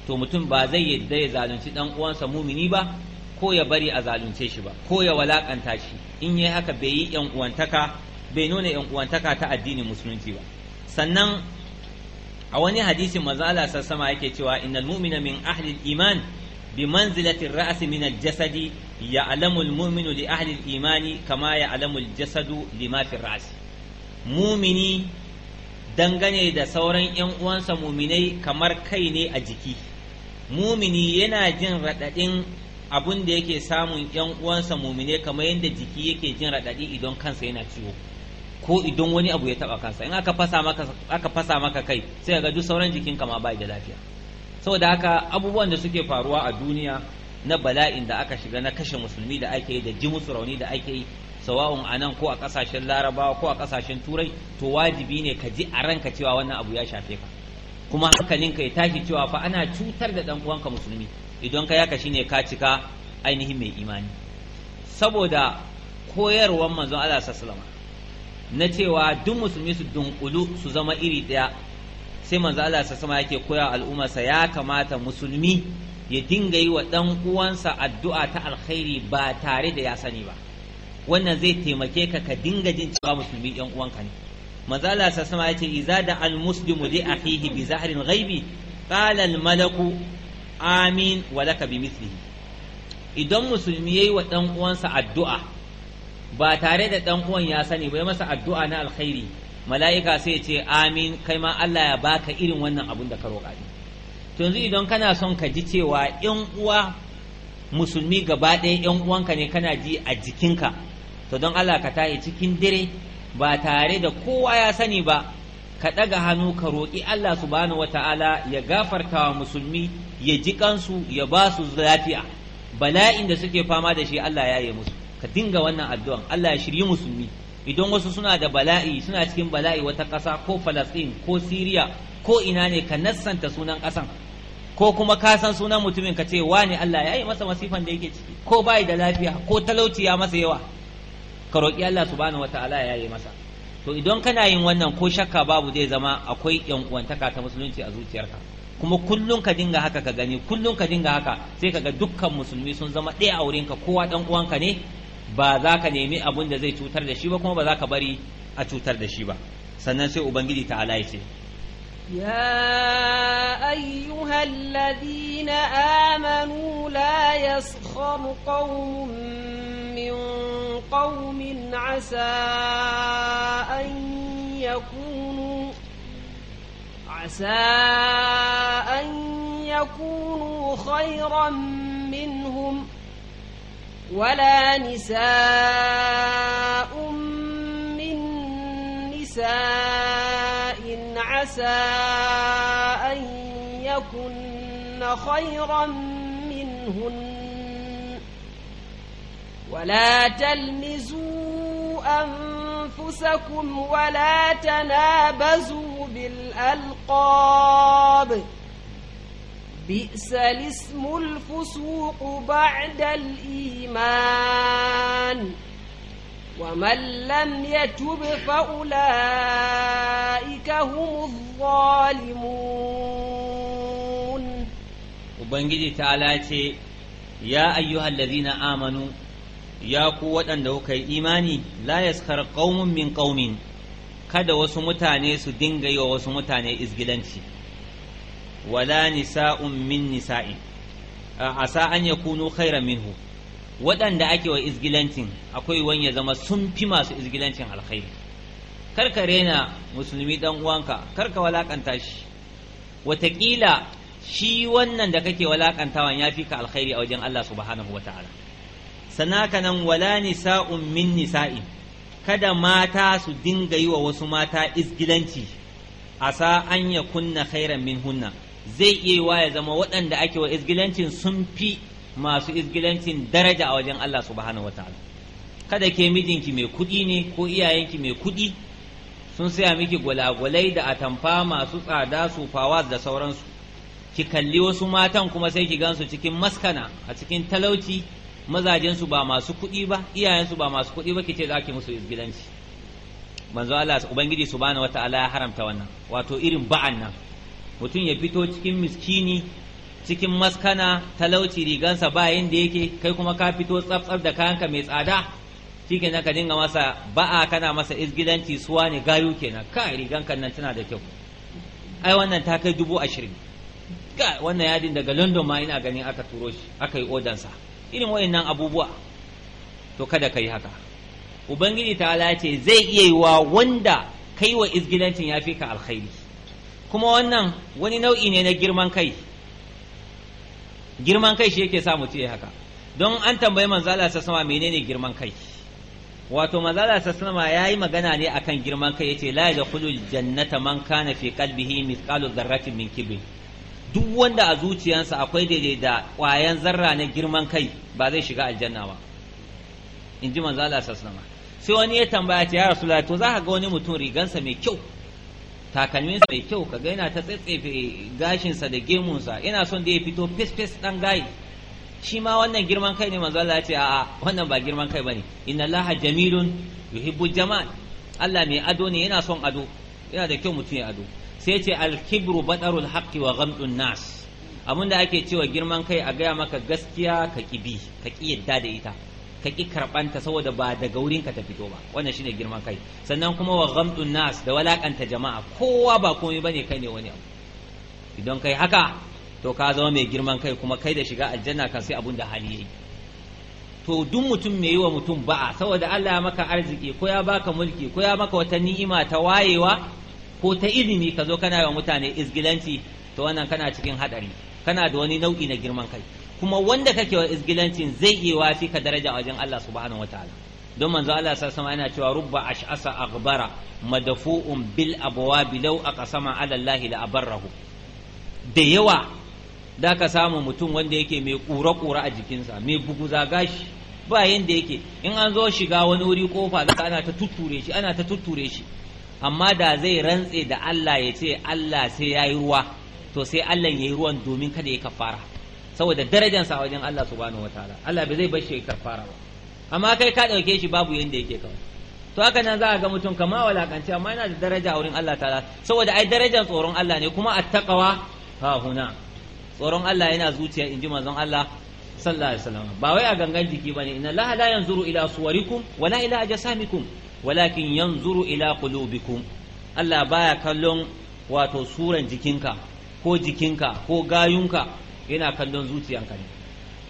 to mutum ba zai yadda ya zalunci ɗan uwansa mumini ba ko ya bari a zalunce shi ba ko ya walakanta shi in yi haka bai yi yan uwantaka bai nuna yan uwantaka ta addinin musulunci ba sannan a wani hadisin mazala sassama yake cewa innal mu'mina min ahli iman bi manzilati ar-ra's min al-jasadi ya'lamu al-mu'minu li ahli al-imani kama ya'lamu al-jasadu lima fi ar mu'mini dangane da sauran yan uwansa mu'minai kamar kai ne a jiki mu'mini yana jin radadin abun da yake samun yan uwansa mu'minai kamar yadda jiki yake jin radadi idan kansa yana ciwo ko idan wani abu ya taba kansa in aka fasa maka aka fasa maka kai sai ga duk sauran jikinka ma bai da lafiya saboda haka abubuwan da suke faruwa a duniya na bala'in da aka shiga na kashe musulmi da ake yi da ji musu rauni da ake yi sawa'un a nan ko a kasashen larabawa ko a kasashen turai to wajibi ne ka ji a ranka cewa wannan abu ya shafe ka kuma ka ya tashi cewa fa ana cutar da dan uwanka musulmi idan ka ya yaka shine ka cika ainihin mai imani saboda koyarwar manzon Allah sallallahu alaihi na cewa duk musulmi su dunkulu su zama iri ɗaya sai manzo Allah sa sama yake koya al'ummarsa ya kamata musulmi ya dinga yi wa ɗan uwansa addu'a ta alkhairi ba tare da ya sani ba wannan zai taimake ka ka dinga jin cewa musulmi ɗan uwanka ne manzo Allah sa sama yace iza da al muslimu li akhihi bi zahrin ghaibi qala al malaku amin wa laka bi mithlihi idan musulmi yayi wa ɗan uwansa addu'a ba tare da dan uwan ya sani ba masa addu'a na alkhairi mala'ika sai ce amin kai ma Allah ya baka irin wannan abun da ka roƙa ni to yanzu idan kana son ka ji cewa yan uwa musulmi gaba ɗaya yan uwanka ne kana ji a jikinka to don Allah ka tahi cikin dare ba tare da kowa ya sani ba ka ɗaga hannu ka roƙi Allah subhanahu wata'ala ya gafarta wa musulmi ya ji kansu ya ba su lafiya bala'in da suke fama da shi Allah ya yi musu ka dinga wannan addu'an Allah ya shirye musulmi idan wasu suna da bala'i suna cikin bala'i wata ƙasa ko Falastin ko Siriya ko ina ne ka nassanta sunan ƙasan ko kuma ka san sunan mutumin ka ce wa ne Allah ya yi masa masifan da yake ciki ko bai da lafiya ko talauci ya masa yawa ka roƙi Allah subhanahu wataala ya yi masa to idan kana yin wannan ko shakka babu zai zama akwai yan uwantaka ta musulunci a zuciyarka kuma kullum ka dinga haka ka gani kullum ka dinga haka sai kaga dukkan musulmi sun zama ɗaya a wurinka kowa ɗan uwanka ne ba za ka nemi abun da zai cutar da shi ba kuma ba za ka bari a cutar da shi ba sannan sai ubangiji ta ala ce يا أيها الذين آمنوا لا يسخر قوم من قوم عسى أن يكونوا عسى أن يكونوا خيرا منهم ولا نساء من نساء عسى أن يكن خيرا منهن ولا تلمزوا أنفسكم ولا تنابزوا بالألقاب بئس الاسم الفسوق بعد الايمان ومن لم يتب فاولئك هم الظالمون ubangiji ta lace ya ayyuha alladhina amanu ya ku wadanda kuka yi imani la yaskhar qaumun min qaumin kada wasu mutane su dinga yi wasu mutane izgilanci wala nisa'un min nisa'in asa an yakunu khairan minhu waɗanda ake wa izgilancin akwai wani ya zama sun fi masu izgilancin alkhairi kar ka rena musulmi dan uwanka kar ka walakanta shi watakila shi wannan da kake walakantawan yafi ka alkhairi a wajen Allah subhanahu wataala sanaka nan wala nisa'un min nisa'in kada mata su dinga yi wa wasu mata izgilanci asa an yakunna khairan min hunna zai iya wa ya zama waɗanda ake wa izgilancin sun fi masu izgilancin daraja a wajen Allah subhanahu wataala kada ke mijinki mai kuɗi ne ko iyayenki mai kuɗi sun saya miki gwalagwalai da atamfa masu tsada su fawas da sauransu ki kalli wasu matan kuma sai ki gansu cikin maskana a cikin talauci mazajensu ba masu kuɗi ba iyayensu ba masu kuɗi ba ki ce za ki musu izgilanci manzo Allah ubangiji subhanahu wataala ya haramta wannan wato irin ba'an nan mutum ya fito cikin miskini cikin maskana talauci rigansa ba yanda yake kai kuma ka fito tsaftsar da kayanka mai tsada shikenan ka dinga masa ba'a kana masa izgidanci suwa ne gayu kenan ka riganka nan tana da kyau ai wannan ta kai dubu ashirin ga wannan yadin daga london ma ina ganin aka turo shi aka yi odansa irin nan abubuwa to kada ka yi haka ubangiji ta ce zai iya yi wa wanda kai wa izgidancin ya fi ka alkhairi kuma wannan wani nau'i ne na girman kai girman kai shi yake sa mu ya haka don an tambayi manzala sa sama menene girman kai wato manzala sa sama yayi magana ne akan girman kai yace la khulu jannata man kana fi qalbihi mithqalu dharratin min kibri duk wanda a zuciyansa akwai daidai da ƙwayan zarra na girman kai ba zai shiga aljanna ba in ji manzala sa sama sai wani ya tambaya ce ya rasulullah to za ka ga wani mutum rigansa mai kyau takalminsa mai kyau ka gaina ta tsetsefe gashinsa da gemunsa ina son da ya fito fes-fes ɗan gayi shi ma wannan girman kai ne manzo Allah ya ce a'a wannan ba girman kai bane inna laha jamilun yuhibbu jamal Allah mai ado ne yana son ado yana da kyau mutum ya ado sai ce al-kibru badarul haqqi wa ghamdun nas abinda ake cewa girman kai a gaya maka gaskiya ka kibi ka ki yadda da ita ka ki karbanta saboda ba daga wurin ka ta fito ba wannan shine girman kai sannan kuma wa ghamdun nas da walakanta jama'a kowa ba komai bane kai ne wani abu idan kai haka to ka zama mai girman kai kuma kai da shiga aljanna kan sai abun da hali yayi to duk mutum mai yi wa mutum ba'a saboda Allah ya maka arziki ko ya baka mulki ko ya maka wata ni'ima ta wayewa ko ta ilimi ka zo kana yi wa mutane izgilanci to wannan kana cikin hadari kana da wani nau'i na girman kai kuma wanda kake wa izgilancin zai iya wafi ka daraja wajen Allah subhanahu ta'ala don manzo Allah sallallahu alaihi yana cewa rubba ash'asa aghbara madfu'un bil abwabi law aqsama ala Allah la abarrahu da yawa da ka samu mutum wanda yake mai kura-kura a jikinsa mai buguza gashi ba yanda yake in an zo shiga wani wuri kofa da ana ta tutture shi ana ta tutture shi amma da zai rantse da Allah ya ce Allah sai yayi ruwa to sai Allah yayi ruwan domin kada ya kafara saboda darajansa a wajen Allah subhanahu wataala Allah bai zai bar shi kafara ba amma kai ka dauke shi babu yanda yake kawai to haka nan za a ga mutum kama walakanci amma yana da daraja a wurin Allah ta'ala saboda ai darajar tsoron Allah ne kuma attaqwa ha huna tsoron Allah yana zuciya inji manzon Allah sallallahu alaihi wasallam ba wai a gangan jiki bane inna Allah la yanzuru ila suwarikum wala ila ajsamikum walakin yanzuru ila qulubikum Allah baya kallon wato suran jikinka ko jikinka ko gayunka yana kallon zuciyanka ne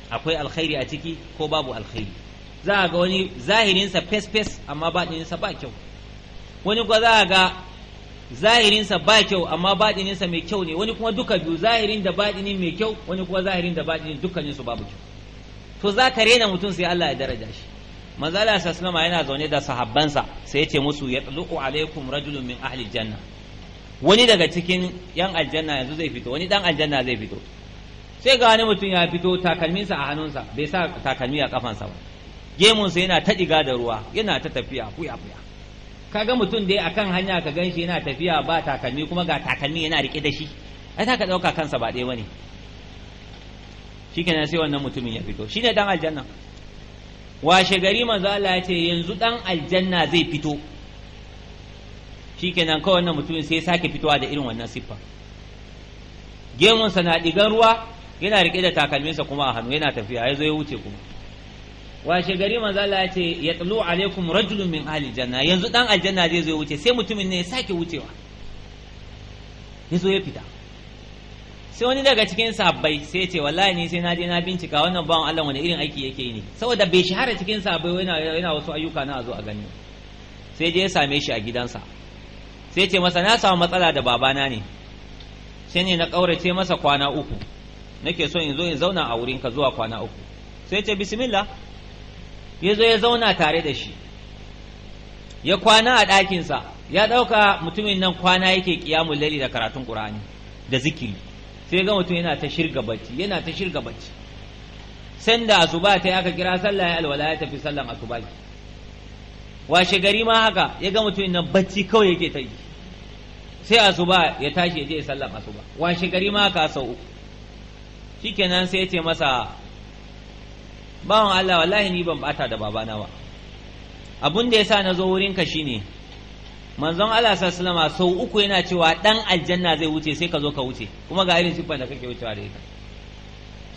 akwai alkhairi a ciki ko babu alkhairi za a ga wani zahirinsa fes fes amma baɗininsa ba kyau wani kuwa za a ga zahirinsa ba kyau amma baɗininsa mai kyau ne wani kuma duka biyu zahirin da baɗinin mai kyau wani kuma zahirin da baɗinin dukkaninsu babu kyau to za ka rena mutum sai Allah ya daraja shi manzo Allah sallallahu yana zaune da sahabbansa sai ya ce musu yatluqu alaikum rajulun min ahli janna wani daga cikin yan aljanna yanzu zai fito wani dan aljanna zai fito sai ga wani mutum ya fito takalminsa a hannunsa bai sa takalmi a kafansa ba gemunsa yana ta ɗiga da ruwa yana ta tafiya fuya fuya kaga mutum dai akan hanya ka ganshi yana tafiya ba takalmi kuma ga takalmi yana rike da shi ai ka ɗauka kansa ba ɗaya ne shikenan sai wannan mutumin ya fito shine dan aljanna washe gari manzo Allah ya ce yanzu dan aljanna zai fito shikenan kawai wannan mutumin sai ya sake fitowa da irin wannan siffa gemunsa na ɗigan ruwa yana rike da takalminsa kuma a hannu yana tafiya ya zo ya wuce kuma washe gari manzo Allah ya ce tulu alaikum rajulun min ahli janna yanzu dan aljanna zai zo ya wuce sai mutumin ne ya sake wucewa ya zo ya fita sai wani daga cikin sabbai sai ya ce wallahi ne sai na je na bincika wannan bawan Allah wani irin aiki yake yi ne saboda bai shahara cikin sabbai yana yana wasu ayyuka na a zo a gani sai je ya same shi a gidansa sai ce masa na samu matsala da babana ne sai ne na kaurace masa kwana uku nake so in zo in zauna a wurinka zuwa kwana uku sai ce bismillah ya zo ya zauna tare da shi ya kwana a ɗakinsa ya ɗauka mutumin nan kwana yake ƙiyamun laili da karatun ƙur'ani da zikiri sai ga mutum yana ta shirga bacci yana ta shirga bacci da asuba ta aka kira sallah ya alwala ya tafi sallan asuba washe gari ma haka ya ga mutumin nan bacci kawai yake ta yi sai asuba ya tashi ya je sallan asuba washe gari ma haka sau uku shikenan sai ya ce masa bawan Allah wallahi ni ban bata da babana ba abun da yasa na zo wurinka shine manzon Allah sallallahu alaihi sau uku yana cewa dan aljanna zai wuce sai ka zo ka wuce kuma ga irin siffar da kake wucewa da ita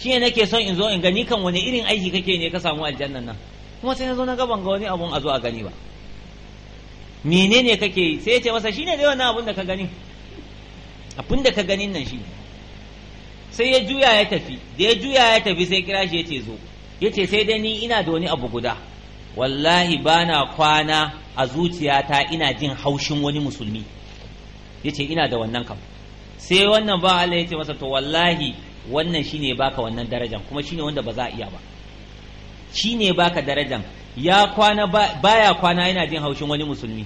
shi nake son in zo in gani kan wani irin aiki kake ne ka samu aljannan nan kuma sai na zo na ga ban ga wani abun a zo a gani ba menene kake yi sai ya ce masa shine dai wannan abun da ka gani abun da ka ganin nan shine sai ya juya ya tafi da ya juya ya tafi sai kira shi ya ce zo ya ce sai dai ni ina da wani abu guda wallahi ba na kwana a zuciyata ina jin haushin wani musulmi ya ce ina da wannan kam sai wannan ba Allah ya ce masa to wallahi wannan shi ne baka wannan darajan kuma shi ne wanda ba za a iya ba shi ne baka darajan ya kwana baya kwana ina jin haushin wani musulmi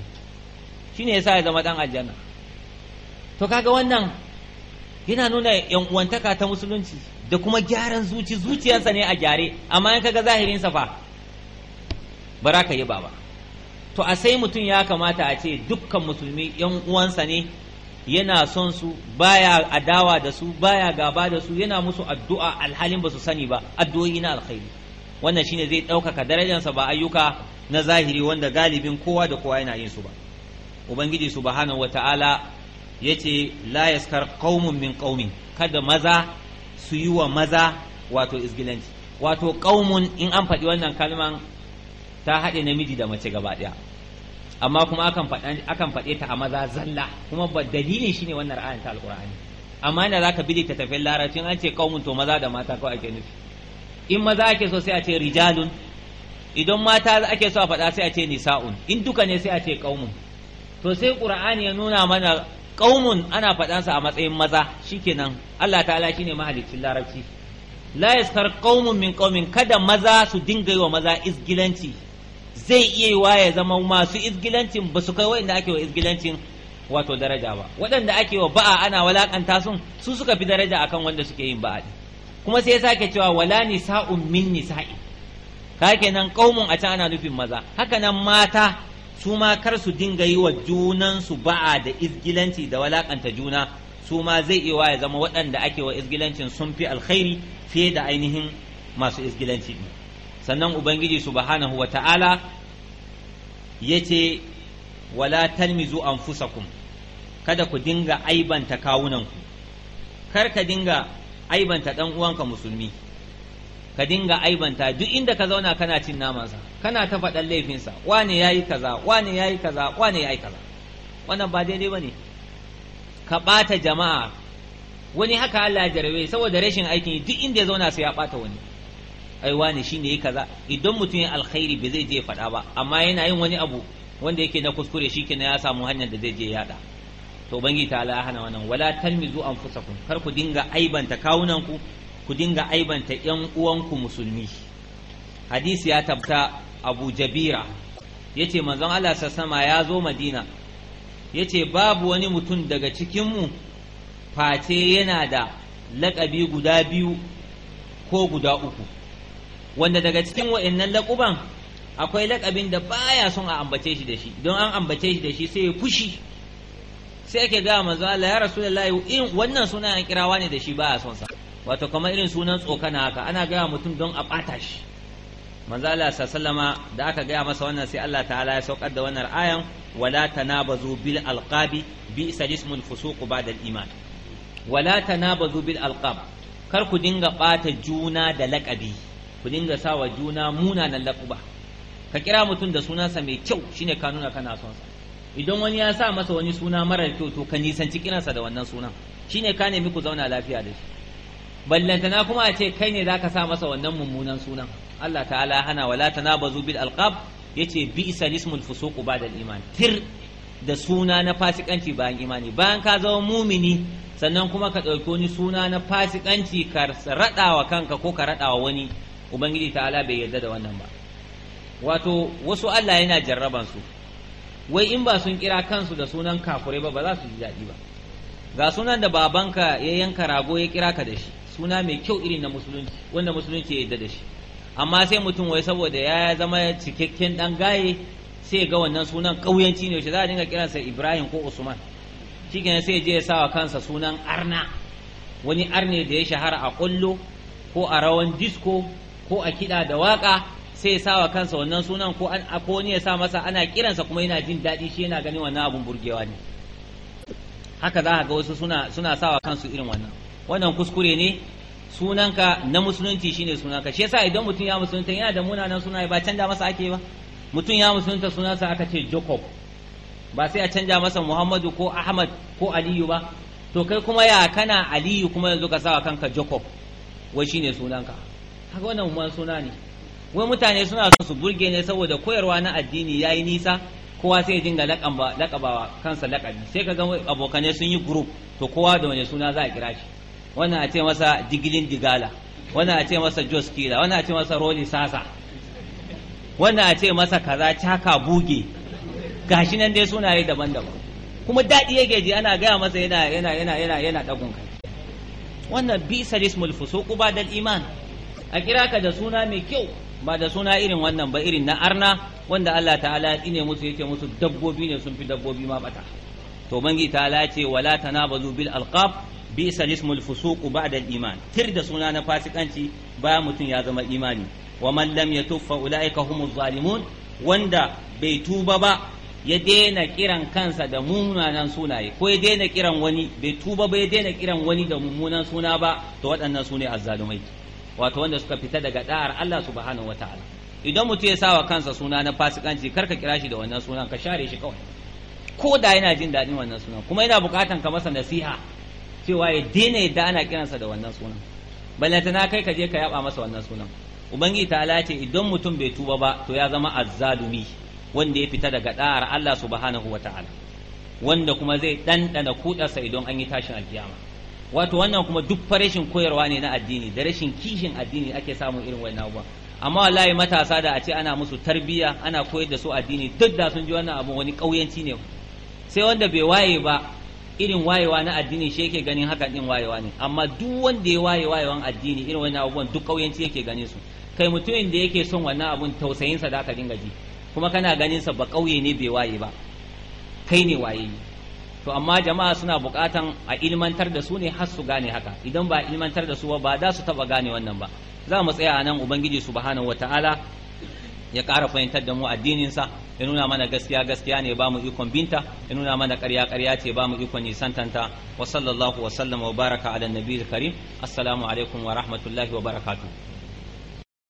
shine sa ya zama dan aljanna to kaga wannan yana nuna yan uwantaka ta musulunci da kuma gyaran zuci zuciyarsa ne a gyare amma yanka ga zahirin sa fa ba ka yi ba ba to a sai mutum ya kamata a ce dukkan musulmi yan uwansa ne yana son su baya adawa da su baya gaba da su yana musu addu'a alhalin ba su sani ba addu'o'i na alkhairi wannan shine zai ɗaukaka darajarsa ba ayyuka na zahiri wanda galibin kowa da kowa yana yin su ba ubangiji subhanahu wataala yace la yaskar qaumun min kaumin kada maza su yi wa maza wato isgilanci wato qaumun in an faɗi wannan kalman ta haɗe namiji da mace gaba ɗaya amma kuma akan faɗa akan faɗe ta a maza zalla kuma ba dalilin shine wannan ra'ayin ta alqur'ani amma ina zaka bi ta tafin larabcin an ce qaumun to maza da mata kawai ake nufi in maza ake so sai a ce rijalun idan mata ake so a faɗa sai a ce nisa'un in duka ne sai a ce qaumun to sai qur'ani ya nuna mana qaumun ana faɗansa a matsayin maza shi shikenan Allah ta'ala shine mahalicin larabci la yaskar qaumun min qaumin kada maza su dinga yi wa maza izgilanci zai iya yi waye ya zama masu izgilancin ba su kai waɗanda ake wa izgilancin wato daraja ba waɗanda ake wa ba'a ana walakanta sun su suka fi daraja akan wanda suke yin ba'a kuma sai ya sake cewa wala nisa'un min nisa'i kake nan qaumun a can ana nufin maza haka nan mata su ma kar su dinga yi wa junansu ba'a da izgilanci da walakanta juna su ma zai iya ya zama waɗanda ake wa izgilancin sun fi alkhairi fiye da ainihin masu izgilanci sannan ubangiji subhanahu wa ta'ala yace wala talmizu anfusakum kada ku dinga aibanta kawunanku kar ka dinga aibanta dan uwanka musulmi ka dinga aibanta duk inda ka zauna kana cin namansa kana ta faɗan laifinsa wane ya yi kaza wane ya yi kaza wane ya yi kaza wannan ba daidai ba ne ka ɓata jama'a wani haka Allah ya jarabe saboda rashin aikin duk inda ya zauna sai ya ɓata wani ai shi ne yi kaza idan mutum ya alkhairi ba zai je ya faɗa ba amma yana yin wani abu wanda yake na kuskure shi na ya samu hanyar da zai je ya yaɗa to bangi ta ala hana wannan wala talmizu anfusakum kar ku dinga aibanta kawunanku ku dinga aibanta yan uwanku musulmi hadisi ya tabta abu jabira ya ce manzon Allah sassama ya zo madina ya ce babu wani mutum daga cikinmu face yana da laƙabi guda biyu ko guda uku wanda daga cikin wa'annan laƙuban akwai laƙabin da baya son a ambace shi da shi don an ambace shi da shi sai ya fushi sai ake ga manzo Allah ya rasu in wannan suna an kirawa ne da shi baya son sa wato kamar irin sunan tsokana haka ana ga mutum don a ɓata shi manzo Allah da aka gaya masa wannan sai Allah ta'ala ya saukar da wannan ayan wala tanabazu bil alqabi bi isalismul fusuq ba'da iman wala tanabazu bil alqab kar ku dinga bata juna da laqabi ku dinga sawa juna munanan laquba ka kira mutum da sunansa mai kyau shine ka nuna kana son sa idan wani ya sa masa wani suna marar kyau to ka nisanci kiransa da wannan sunan shine ka nemi ku zauna lafiya da shi ballantana kuma a ce kai ne zaka sa masa wannan mummunan sunan Allah ta'ala hana wala tanabazu bil alqab yace bi isal ismul fusuq ba'da al iman tir da suna na fasikanci bayan imani bayan ka zama mumini sannan kuma ka ɗauki wani suna na fasikanci ka raɗawa kanka ko ka wa wani ubangiji ta'ala bai yarda da wannan ba wato wasu Allah yana jarraban su wai in ba sun kira kansu da sunan kafurai ba ba za su ji daɗi ba ga sunan da babanka ya yanka rago ya kira ka da shi suna mai kyau irin na musulunci wanda musulunci ya yarda da shi amma sai mutum wai saboda ya zama cikakken dan gaye sai ga wannan sunan ƙauyanci ne shi za a dinga kiransa ibrahim ko usman shikenan sai je ya sa wa kansa sunan arna wani arne da ya shahara a kullo ko a rawan disco ko a kiɗa da waƙa sai ya sa wa kansa wannan sunan ko an ko ne ya sa masa ana kiransa kuma yana jin daɗi shi yana ganin wannan abun burgewa ne haka za ka ga wasu suna suna sa wa kansu irin wannan wannan kuskure ne sunanka na musulunci shine sunanka shi yasa idan mutum ya musulunta yana da munanan sunaye ba canja masa ake ba mutum ya musulunta sunansa aka ce Jacob ba sai a canja masa Muhammadu ko Ahmad ko Aliyu ba to kai kuma ya kana Aliyu kuma yanzu ka sawa kanka Jacob wai shine sunanka kaga wannan mun suna ne wai mutane suna so su burge ne saboda koyarwa na addini yayi nisa kowa sai ya dinga laƙabawa kansa laƙabi sai kaga abokanai sun yi group to kowa da wani suna za a kira shi wannan a ce masa digilin digala wannan a ce masa jos kila wannan a ce masa roli sasa wannan a ce masa kaza caka buge gashi nan dai sunaye daban-daban kuma daɗi yake ji ana gaya masa yana yana yana yana yana ɗagun kai wannan bi salismul ku ba dal iman a kira ka da suna mai kyau ba da suna irin wannan ba irin na arna wanda Allah ta'ala ya ne musu yake musu dabbobi ne sun fi dabbobi ma bata to bangi ta'ala ya ce wala tanabazu bil alqab bisa ismul fusuqu ba'da al-iman tir da suna na fasikanci ba mutum ya zama imani wa man lam yatub fa ulaika humuz zalimun wanda bai tuba ba ya daina kiran kansa da mummunan sunaye ko ya daina kiran wani bai tuba ba ya daina kiran wani da mummunan suna ba to waɗannan sune azzalumai wato wanda suka fita daga da'ar Allah subhanahu wataala idan mutum ya sawa kansa suna na fasikanci karka kira shi da wannan sunan ka share shi kawai ko da yana jin daɗin wannan sunan kuma yana buƙatan ka masa nasiha cewa ya daina yadda ana kiransa da wannan sunan ta na kai ka je ka yaba masa wannan sunan ubangiji ta ala ce idan mutum bai tuba ba to ya zama azzalumi wanda ya fita daga da'ar Allah subhanahu wa ta'ala, wanda kuma zai dandana kudarsa idan an yi tashin alkiyama wato wannan kuma duk farashin koyarwa ne na addini da rashin kishin addini ake samu irin wannan abubuwan amma wallahi matasa da a ce ana musu tarbiyya ana koyar da su addini duk da sun ji wannan abu wani kauyanci ne sai wanda bai waye ba irin wayewa na addini shi yake ganin haka din wayewa ne amma duk wanda ya waye wayewan addini irin wani abubuwan duk kauyanci yake ganin su kai mutumin da yake son wannan abun tausayin sa zaka dinga ji kuma kana ganin sa ba kauye ne bai waye ba kai ne waye to amma jama'a suna bukatan a ilmantar da su ne har su gane haka idan ba ilmantar da su ba ba za su taba gane wannan ba za mu tsaya a nan ubangiji subhanahu wataala ya ƙara fahimtar da mu addininsa ya nuna mana gaskiya gaskiya ne ba mu ikon binta ya nuna mana ƙarya ƙarya ce ba mu ikon nisantanta wa sallallahu wa sallama wa baraka ala nabiyil karim assalamu alaikum wa rahmatullahi wa barakatuh